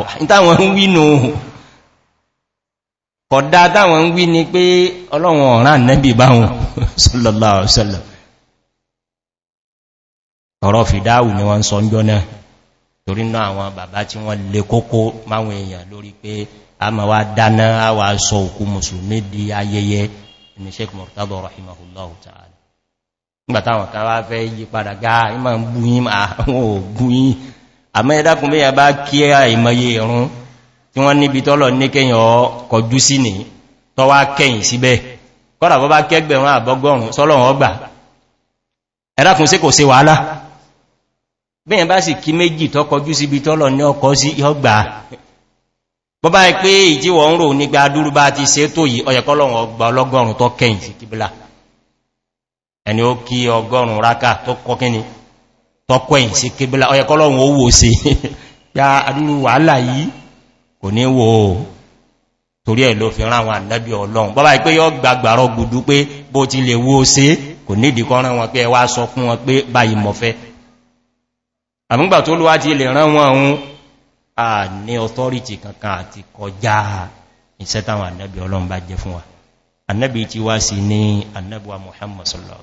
kọ̀dá táwọn ń wí ni pé ọlọ́run ọ̀rán nẹ́bì báwọn sallallahu alaihi wasallam ọ̀rọ̀ fìdáwù ni wọ́n sọ ń jọ náà torí náà àwọn bàbá tí wọ́n lè kókó máwọn èèyàn lórí pé a ma wá dáná a wà sọ òkú musulmi di ayẹyẹ ní sheik murtado rahimahullahu ta'ala nígbàtá àwọn tí wọ́n níbi tọ́lọ̀ ní kẹyàn ọkọ̀jú sí ní tọ́wà kẹyìn síbẹ̀ kọ́dà bọ́ bá kẹgbẹ̀rún àbọ́gọ́rùn sọ́lọ̀wọ́n ọgbà ẹ̀rákùn sí kò sí wàhálà bẹ́yàn bá sì kí méjì tọ́kọjú síbi tọ́lọ̀ ní ọkọ̀ sí ọgbà bọ́ bá pé ìjíwọ̀ ń rò nígbà dúrú bá ti ṣe tó yìí ọyẹ̀kọ́lọ̀wọ̀n ọgbà ọlọ́gọ́rùn tó kẹyìn sí kíbílà ẹni ó kí ọgọ́rùn ráká tó kọkíní tọ́kọ̀ ẹ̀yìn sí kíbílà ọyẹ̀kọ́lọ̀wọ̀n ó wò sí ya adúrú wàhálà yìí kò ní wo torí ẹ̀ ló fi ránwà nẹ́bí ọlọ́run bọ́bá ipé yọ́ gbàgbàrọ gbùdú pé bó ti lè wó sí kò ní ìdíkọ́ rán wọn pé ẹwà sọ fún wọn pé báyìí mọ̀fẹ́ àmúgbà tó lówá ti lè rán wọn ohun à ní ọtọ́rìtì kankan àti kọjá iṣẹ́ táwọn ọlọ́run bá muhammad sallallahu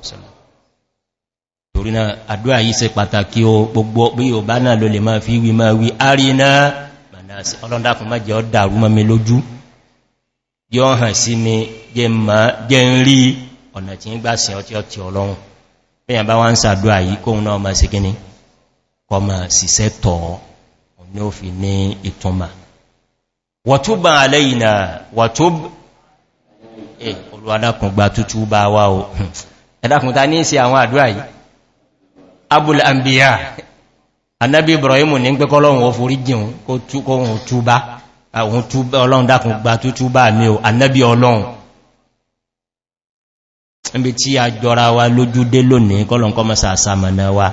alaihi wasallam náà sí ọlọ́ndàkùn má jẹ́ ọ̀dàrú mọ́ mi lójú yọ́ hàn sí mi jẹ́ ń rí ọ̀nà tí ń gbà sí ọtí ọtí ọlọ́run bẹ́yàn bá wá ń sàdúrà yìí kóhun náà máa sí gíní kọ máa síṣẹ́ tọ̀ ọ̀ ní ní ìtọ́mà wọ̀túbà alẹ́yìnà annabi ibrahim ní pé kọ́lọ́run ó forí jìn kó túkọ́hun túbá àwọn túbá ọlọ́run dákùn gba tó túbá mi ò annabi ọlọ́run níbi tí a jọra wa lójú dé lónìí kọ́lọ́run kọ́ mọ́sà àsàmọ̀nà wa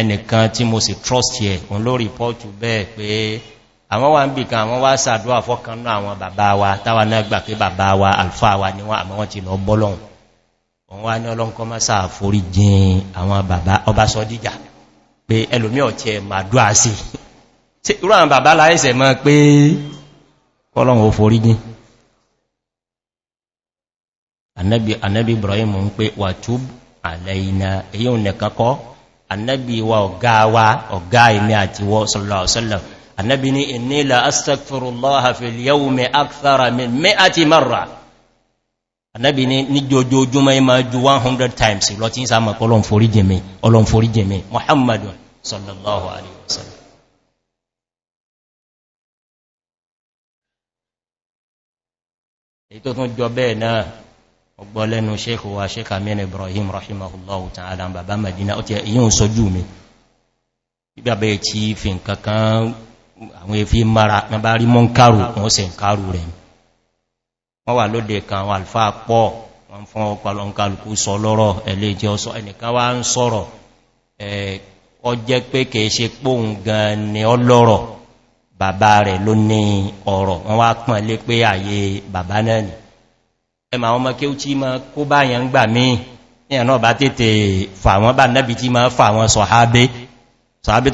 ẹnìkan tí mo sì trust yẹ òun ló rìpọ́ọ̀tù bẹ́ẹ̀ pé àwọn wa ń bì kan àwọn wá sàdúwà fọ́kanú àwọn bàbá wa táwa náà gbà pé bàbá wa alfa wa ni wọ́n àmọ́ wọ́n ti lọ bọ́lọ̀un òun wá ní ọlọ́nkọ́ mọ́sà àforí àwọn bàbá ọba pé ẹlòmí ọ̀tí ẹ̀ màdúwà sí tí irú àwọn bàbá láìsẹ̀ mọ́ pé kọ́lọ̀n ò forí gín annabi ibrahim ń pé wà túb àlẹ́yìnà èyí ò nẹ̀kan kọ́ annabi wa ọ̀gá wa ọ̀gá ilé àti wọ́ sọ́lọ̀ anábi ní níjọjọjúmọ́ yí máa ju 100 times Lo tí ń sáàmà pọ̀ ọlọ́n forí jẹ́mẹ́ mohammadun sallallahu alaihi wasallam èyí tó tún jọ bẹ́ẹ̀ náà ọgbọ́ lẹ́nu ṣékò wa ṣékà mẹ́rin ibrahim rahimahullahu ta'ala bàbá madina ó ti èyí ń sọjú mi bíbàbẹ̀ tí fi nkankan àwọn èfí mara na bá rí mọ́nkárù wọ́n sẹ nkárù rẹ̀ wọ́n wà lóde kan wà alfa pọ̀ wọ́n fún ọpàlọ́nkàlùkù sọ lọ́rọ̀ ẹ̀lẹ́ jẹ́ ọsọ ẹnìkan wá ń sọ̀rọ̀ ọ jẹ́ pé kèé ṣe gan ni ọlọ́rọ̀ bàbá rẹ̀ ló ní ọ̀rọ̀ wọ́n wá pọ̀n lé pé àyè bàbá náà nì ẹmà àwọn ọmọ kí ó tí ma kó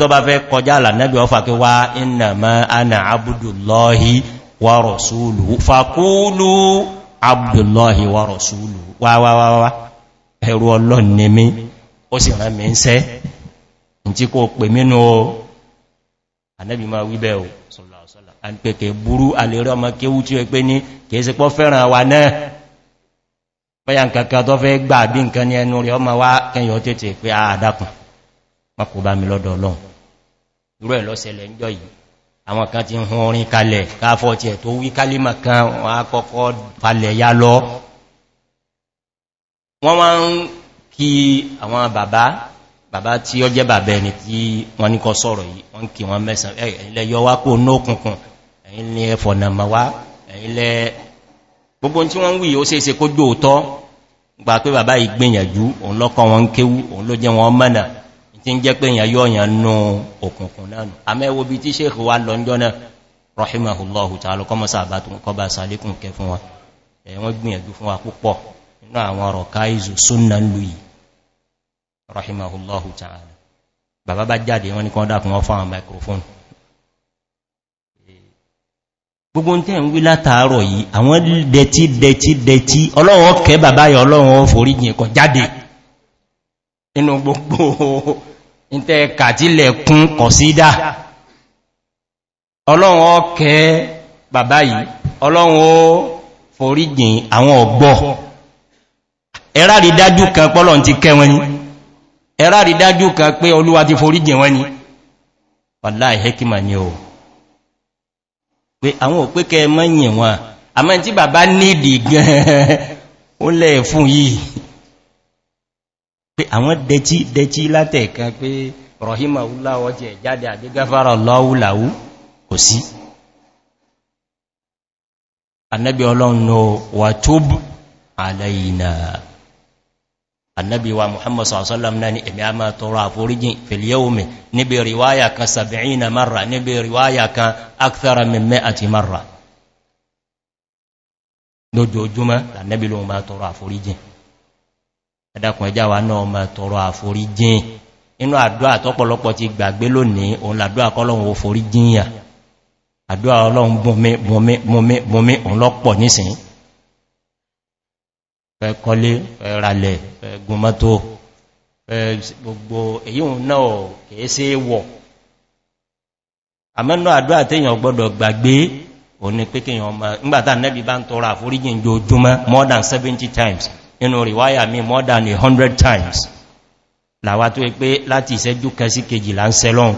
tó bá fẹ́ kọjá àlà ọfà kí wá ìnàmọ́ ana abúdùlọ́hìí wa rasuluhu ulu abdullahi wa rasuluhu wa wa wa wa ẹ̀rù ọlọ́n ni mi ó sì rán mi ń sẹ́ tí kò pè mínú o anẹ́bí ma wíbẹ̀ o pẹ̀kẹ̀ burú alẹ́rẹ́ ọmọ kéwú tí ó pé ní kèése pọ́ fẹ́ràn wa náà pẹ́yà nkankan tó fẹ́ gbà bí nkan ní ẹnu rẹ̀ ọmọ wá kẹyàn tètè pé àádákùn ah, mọ́kù bá mi lọ́dọ̀ ọlọ́run irú ẹ̀ lọ́sẹ̀lẹ̀ ń àwọn kan ti hun orin kalẹ̀ káfọ́ ti ẹ̀ tó wí kálímà kan wọ́n á kọ́kọ́ falẹ̀ yá lọ wọ́n wá ń kí àwọn bàbá bàbá tí ó jẹ́ bàbá ẹni tí wọ́n ní kọ sọ̀rọ̀ yìí wọ́n kí wọ́n mẹ́sàn ẹ̀yìnlẹ̀ yọ wá kó nókùnkùn ẹ̀yìnlẹ̀ tí ń jẹ́ pé èyàn yóò yàn nú òkùnkùn náà àmẹ́wò bí tí ṣe wà lọ́njọ́ náà rahimahullahu ta'ala kọmọ sáàbá tó kọ bá sàlékùn kẹ fún wa ẹ̀wọ́n gbìyànjú fún wa púpọ̀ nínú àwọn ọ̀rọ̀ káìzù súnnà lùyì rahimahullahu ta'ala bàbá bá jáde wọ́n ní kan dákùn wọ́n fáwọn microphone gbogbo tẹ́ ń wí látàárọ̀ yìí àwọn dẹ̀tí dẹ̀tí dẹ̀tí ọlọ́wọ́ kẹ gbogbo ìtẹ́ kàtílẹ̀ kún kọ̀sídá ọlọ́run ọkẹ́ bàbá yìí ọlọ́run ó foríjìn àwọn ọ̀gbọ́ ẹ̀rá rí dájú kan pọ́lọ̀ ti kẹ́ wọn ni ẹ̀rá rí dájú kan pé olúwa ti foríjìn wọn ni wàlá ìhẹ́kìmà ni o pé àwọn ò pé kẹ mọ́yìn wọn àmọ́ tí bàbá nídìí gan-an ó lẹ́ fún yìí pé àwọn dẹtí dẹtí látẹ̀ẹ̀kan pé rọ̀hímà láwọ́ jẹ jáde àbí gáfàrà lọ́wùláwú kò sí annabi ọlọ́nà wà tób aláìna annabi wa muhammad sallam náà ni èmì a máa tọrọ àforíjìn fìlíọ́wùmí níbi riwaya kan sàbìnrin na mara níbi riwaya kan akthara mẹ́mẹ́ àti mara lójoojúmọ́ annabi lóhun máa tọrọ àforíjìn ẹ̀dàkùn ẹjá wa náà ma tọrọ àforíjìn inú àdúwà tọ́pọ̀lọpọ̀ ti gbàgbé lónìí òun làdúwà kọ́lọ̀un òforíjìn yà àdúwà ọlọ́run bọ̀mí bọ̀mí nísìn fẹ́ kọlé fẹ́ ralẹ̀ fẹ́ gúnmọ́tò fẹ́ gbogbo èyí náà kìí wọ̀ àmẹ́nú àdúwà téèyàn gbọ́dọ̀ gbàgbé òun ni pé kéèyàn ọmọ nígbàtà nẹ́bí bá ń tọrọ àforíjìn jojúmọ́ more than 70 times nínú ríwáyà mi more than a hundred times làwá tó pé láti ìṣẹ́jú kan sí kejìlá ń sẹ́lọ́n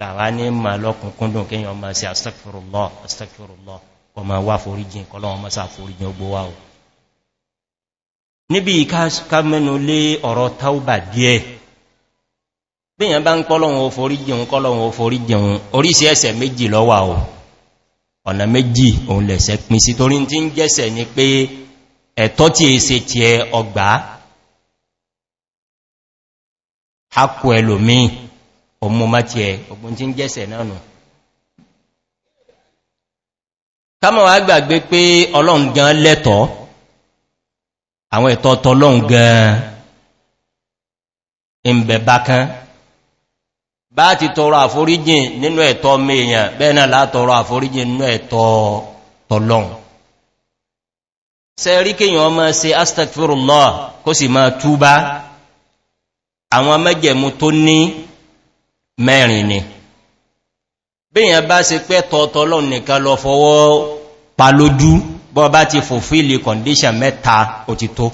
làwá ní ma lọ́kùnkúndùn kíyàn ma sí astagfirullah astagfirullah ọmọ wá foríjìn kọlọ́wọ́ mọ́sá foríjìn ogbó wá o níbi ìká mẹ́nu lé ọ̀rọ̀ taubà díẹ̀ bíyàn bá ń kọlọ́wọ́ ọ̀nà méjì òun lẹ̀ṣẹ̀ pín sí torí tí ń jẹ́sẹ̀ ni pé ẹ̀tọ́ tí è ṣe ti ẹ ọgbà hakù ẹlòmí ọmọmá ti ẹ ọgbọ̀n tí ń jẹ́sẹ̀ náà nù kámọ̀ gbàgbé pé ọlọ́run lẹ́tọ̀ àwọn ẹ̀tọ́ tọ́lọ́run ìbẹ̀ bákan bá ti tọrọ àforíjìn nínú ẹ̀tọ́ mẹ́yàn sẹ́rí kíyàn ọmọ ṣe astagfirullah kó sì máa túbá àwọn mẹ́jẹ̀mú tó ní mẹ́rin ni bíyàn bá se pẹ́ tọ́tọ́lọ́ nìkan lọ fọwọ́ pa lójú bọ́ bá ti fòfílì condition mẹ́ta òtító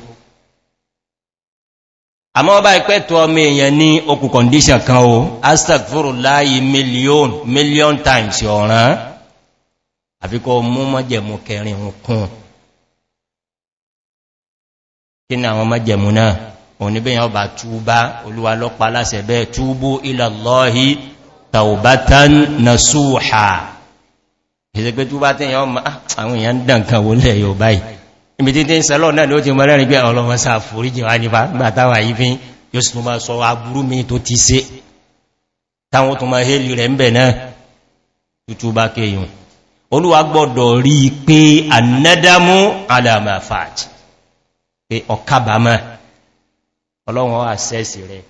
àmọ́ bá ipẹ́ tó ọmọ èèyàn ní okù condition kan o astagfirullah million million times ọ̀ràn àfikọ́ mú mọ́jẹ̀mú kẹrin kún kí ni àwọn mẹ́jẹ̀mú náà òun ní bẹ́yàn ọba túbá olúwa lọ́pa aláṣẹ bẹ́ẹ̀ túbú ilọ̀lọ́hí tàubátán na súhà ìsẹ́gbé túbá tí yàn ọmọ ah, àwọn èèyàn dàn kan wó lẹ̀ yóò báyìí ibi tí tí ń sẹ́lọ̀ náà ló ti mọ́ lẹ́rin pé ọlọ́mọsá foríjì wá nípa gbàtàwà yìí fi yóò sì pé ọkábàmà ọlọ́run àṣẹ́sì rẹ̀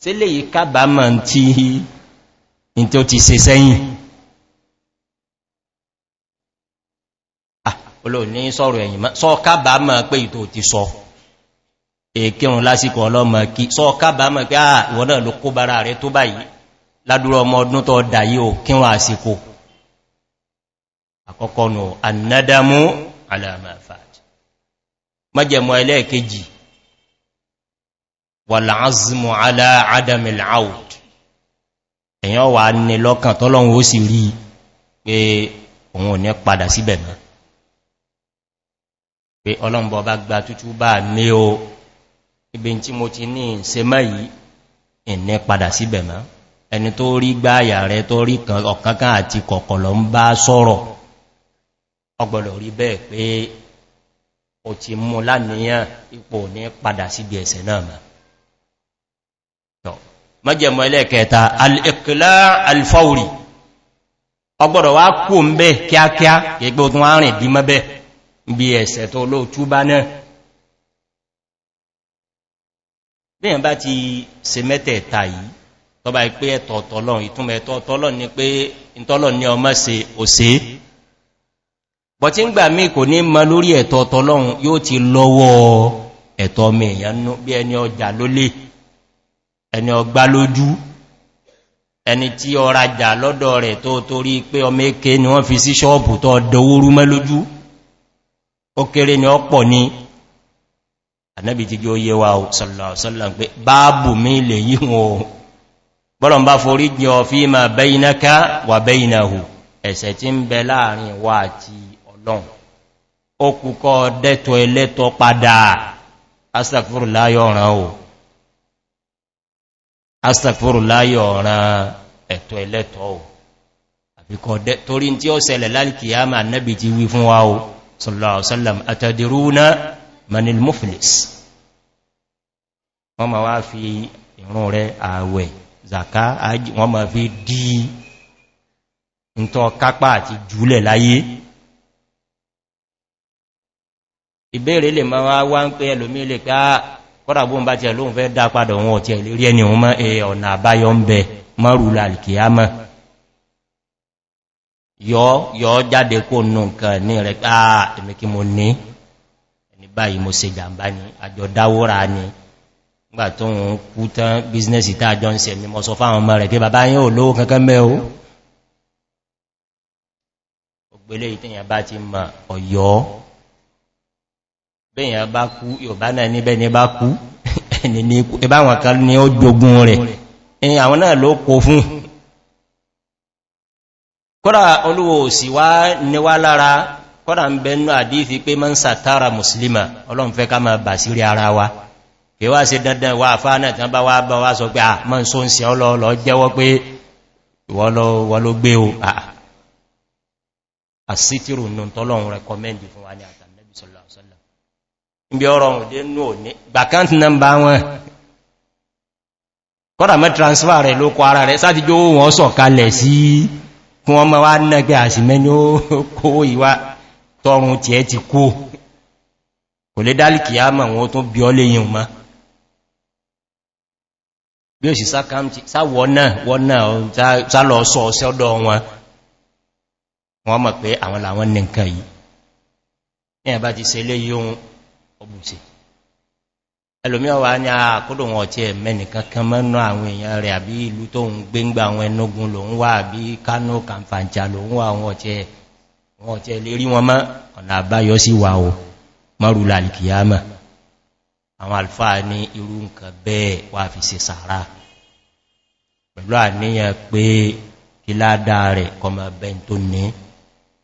sí lè yí kábàmà tí in tó ti se sẹ́yìn olóòní ah, sọ́rọ̀ ẹ̀yìn sọ kábàmà pé ìtò ti sọ èkéhun lásìkò ọlọ́mọ kí sọ kábàmà pé à ah, ìwọ̀n náà ló kó bára rẹ̀ tó báyìí ládúrọ ọmọ ọdún tó dàyí ò kíwọ́n àsìkò àkọ́kọ́ nù annadamu alama mọ́jẹ̀mọ́ ẹlẹ́ẹ̀kejì wàláàzìmọ̀ aláàdàmìl out èyàn wà ní lọ́kàn tọ́lọ́run ó sì rí pé òun ò ní padà síbẹ̀ mọ́ pé ọlọ́mbọ̀ bá gba tútú bá ní o ibi tí mo ti ní ṣe mọ́ yìí ìní padà síbẹ̀ mọ́ ẹni tó rí gbáyà rẹ tó rí ọ̀kankan àti kọ̀kọ̀lọ̀ ń bá sọ́rọ̀ ọgbọ̀lọ̀ rí bẹ́ẹ̀ pé o ti mú láníyàn ipò ní padà sí bí ẹsẹ̀ náà mọ̀ mọ́jẹ̀mọ́ ẹlẹ́kẹta al'ikla alfauri ọgbọ̀dọ̀ wá kò ń bẹ́ kíákíá gẹ́gbẹ́ ogun arìn bí mọ́bẹ̀ bí ẹsẹ̀ tó ló túbá náà bíyàn bá ti se mẹ́tẹ̀ẹ̀ta yìí tọba ìpé ẹ̀tọ̀ọ̀tọ̀lọ́ ìtúnmẹ̀ẹ̀tọ̀ọ̀tọ̀lọ́ ni pé ìtọ́lọ́ ni ọmọ òsèé bọ̀ tí ń gbà mí kò ní ma lórí ẹ̀tọ́ ọ̀tọ́lọ́run yóò ti lọ́wọ́ ẹ̀tọ́ ọmọ èèyàn bí ẹni ọjà lólè ẹni ọgbá lójú ẹni tí ọra jà lọ́dọ̀ rẹ̀ tó torí pé ọmọ èké ni wọ́n fi sí ṣọ́ọ̀pù tó dọwórú mẹ́ lójú ó wa sọ̀lọ̀sọ̀lọ̀ pé báàbù mi lè yí tí ń bẹ láàrin wa àti ọlọ́run okùkọ́ dẹ́tọ̀ ẹlẹ́tọ̀ padà astagfuru láyọ̀ ọ̀ràn o astagfuru láyọ̀ ọ̀ràn ẹ̀tọ̀ ẹlẹ́tọ̀ o àbíkọ́ torí tí ó sẹlẹ̀ lálìkì á máa nẹ́bì ti wí fún wa o sallọ́sallàm ìbéèrè lè máa wá ń pé ẹlòmí lè pé á ah, kọ́dàbọ́n bá ti ẹlòun fẹ́ dá padà wọn ọ̀tí ẹ̀lè rí ẹni wọn ọ̀nà àbáyọ ń bẹ yọ jáde kó nù nǹkan ní rẹ̀ pé á ah, kí mo ní ẹni báyìí mo se jàmbá ni àjọ ni nígbà tó ń kú tán bísínẹ́sì tá àjọ ń mọ́ sọ fáwọn ọmọ rẹ̀ o ògbélé bá ti mọ̀ ọ̀yọ́ bẹ́yàn bá kú yọ̀bá náà níbẹ̀ ní bá kú ẹni ní ikú ẹbá àwọn kan ní ó jogun rẹ̀ ẹni àwọn náà ló kó fún kọ́dà olúwo sí wá níwá lára kọ́dà ń bẹ ní àdífi pé mọ́ ń sàtàrà musulima ọlọ́nfẹ́ ká máa bà sí rí ara wa kí wá sí dandan wà fánà tán bá wá bá wá sọ pé à mọ́ ń só ń se ọlọ́ọ̀lọ́ jẹ́wọ́ pé ìwọ́lọ́gbé o àà ibi ọrọ̀ òdé ní òní bàkántì nọmbà wọn kọ́dà mẹ́ transfer rẹ̀ ló kọ ara rẹ̀ sáti jó wọ́n sọ kalẹ̀ sí kún wọ́n mọ́ wá nẹ́gbẹ́ àṣìmẹ́ ní ó kó ìwá tọrun tí ẹ ti kó kò lé dálìkì á mọ̀ wọn tó bí ọ léyìn mọ́ bí ó sì sáwọ́ náà wọ́n náà sálọ sọ ọ̀sẹ́ọ́dọ̀ ọbùsì ẹlòmí ọwà ní àkódò wọn ọ̀tí ẹ̀mẹ́ nìkan kan mẹ́nu àwọn èèyàn rẹ̀ àbí ìlú tó ń gbéngbà àwọn ẹnógún lòun wà àbí kánò kàǹfàǹjà lòun wà àwọn ọ̀tí ẹ̀ lè rí wọn mọ́ ọ̀nà àbáyọ sí wà ó mọ́rùlà alìkìyàmà àwọn alfáà ní irú nǹkan bẹ́ẹ̀ wà fi se sàárà pẹ̀lú àníyàn pé ìládàá rẹ̀ kọmọ bẹ́ẹ̀ tó ní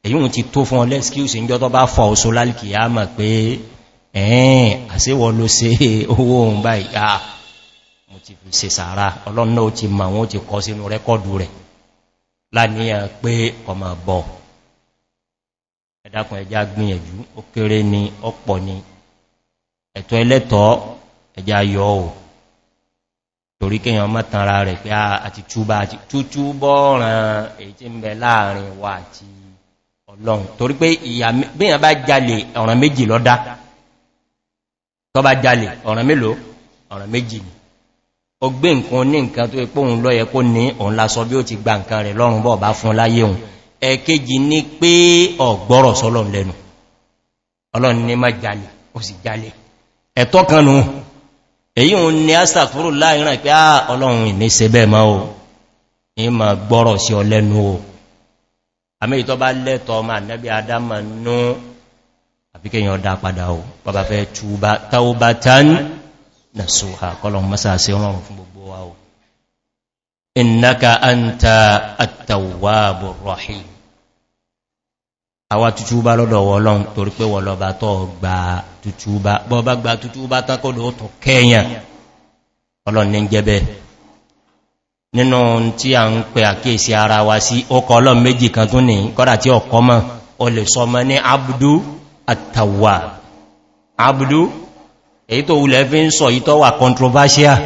èyí ti tó fún ọ ń jọ tó bá fọ́ òṣòlálìkìyàmà pé ẹ̀ẹ́n àṣíwọ̀ ló se owó ohun báyìí àà mo ti fi se sàárá ọlọ́nà ó ti ma wọ́n ti kọ sínú rẹ́kọ́dù rẹ̀ láníyàn pé ọmọ bọ̀ ẹ̀dàkùn ẹja gbìyànjú ó kéré ni ọpọ̀ ni ẹ̀tọ́ ẹlẹ́tọ́ ẹja yọ ò torí kíyàn mọ́tànra rẹ̀ pé àti túbọ̀ ràn èyí tí ń ìyà bí i bá jalè ọ̀ràn méjì lọ́dá tó bá jalè ọ̀ràn mélòó ọ̀ràn méjì ni ó gbé nǹkan ní nǹkan tó ipò òun lọ́yẹ kó ní òun lásọ bí ó ti gba nǹkan rẹ̀ lọ́rùn bọ́ bá fún láyé òun ẹ̀kejì ní pé ọ̀gbọ́rọ̀ sọ́lọ̀ lẹ́nu ọlọ́run ní má jalè ó sì jalè ẹ̀tọ́ kan nù èyí òun ni ásà fúrú láìrìn pé á ọlọ́run ìní se bẹ́ẹ̀ mọ́ o ní ma gbọ́rọ̀ sí ọlẹ́nu o àmì ìtọ́ bá lẹ́tọ̀ ọmọ ànẹ́bí adámanú àfi kíyàn dá padà o bàbá fẹ́ taubatan na suha kọlọ̀n masá sí rọrùn fún gbogbo wa o innaka anta at-tawwabu rahim àwa tutuba lọ́dọ̀ wọlọ́n torí pé wọlọ́ba tó gba tutuba bọ́ba gba tutuba tán kó ló tó kẹ́yàn ọlọ́n ní jẹ́bẹ̀ nínú tí a ń pẹ àkíyèsí ara wa sí ọkọ̀ ọlọ́n kan tún ní kọ́dà tí ọkọ̀ mọ́ o lè ní abdu àtàwà abúdú èyí tó wulẹ̀ fi ń sọ yí tọ́wà controversial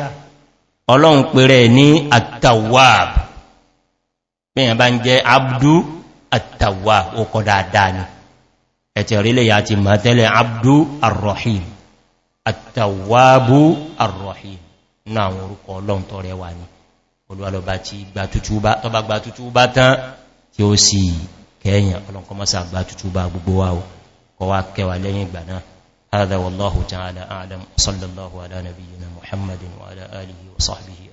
ọlọ́run pèrè ní àtàwà pèyàn bá ń jẹ́ abúdú àtàwà okọ̀ dáadáa ni ẹ̀tẹ̀ orílẹ̀ yà ti máa tẹ́lẹ̀ abúdú arrohim àtàwàbú arrohim ní àwọn orúkọ ọlọ́run tọrẹ wà ní olúwalọba ti gba tútú bá tán tí ó sì kẹ́yìn ọlọ́nkọmọ́sà gba tútú bá gbogbo wa o وواك وعليه بنا هذا والله تعالى أعلم صلى الله على نبينا محمد وعلى آله وصحبه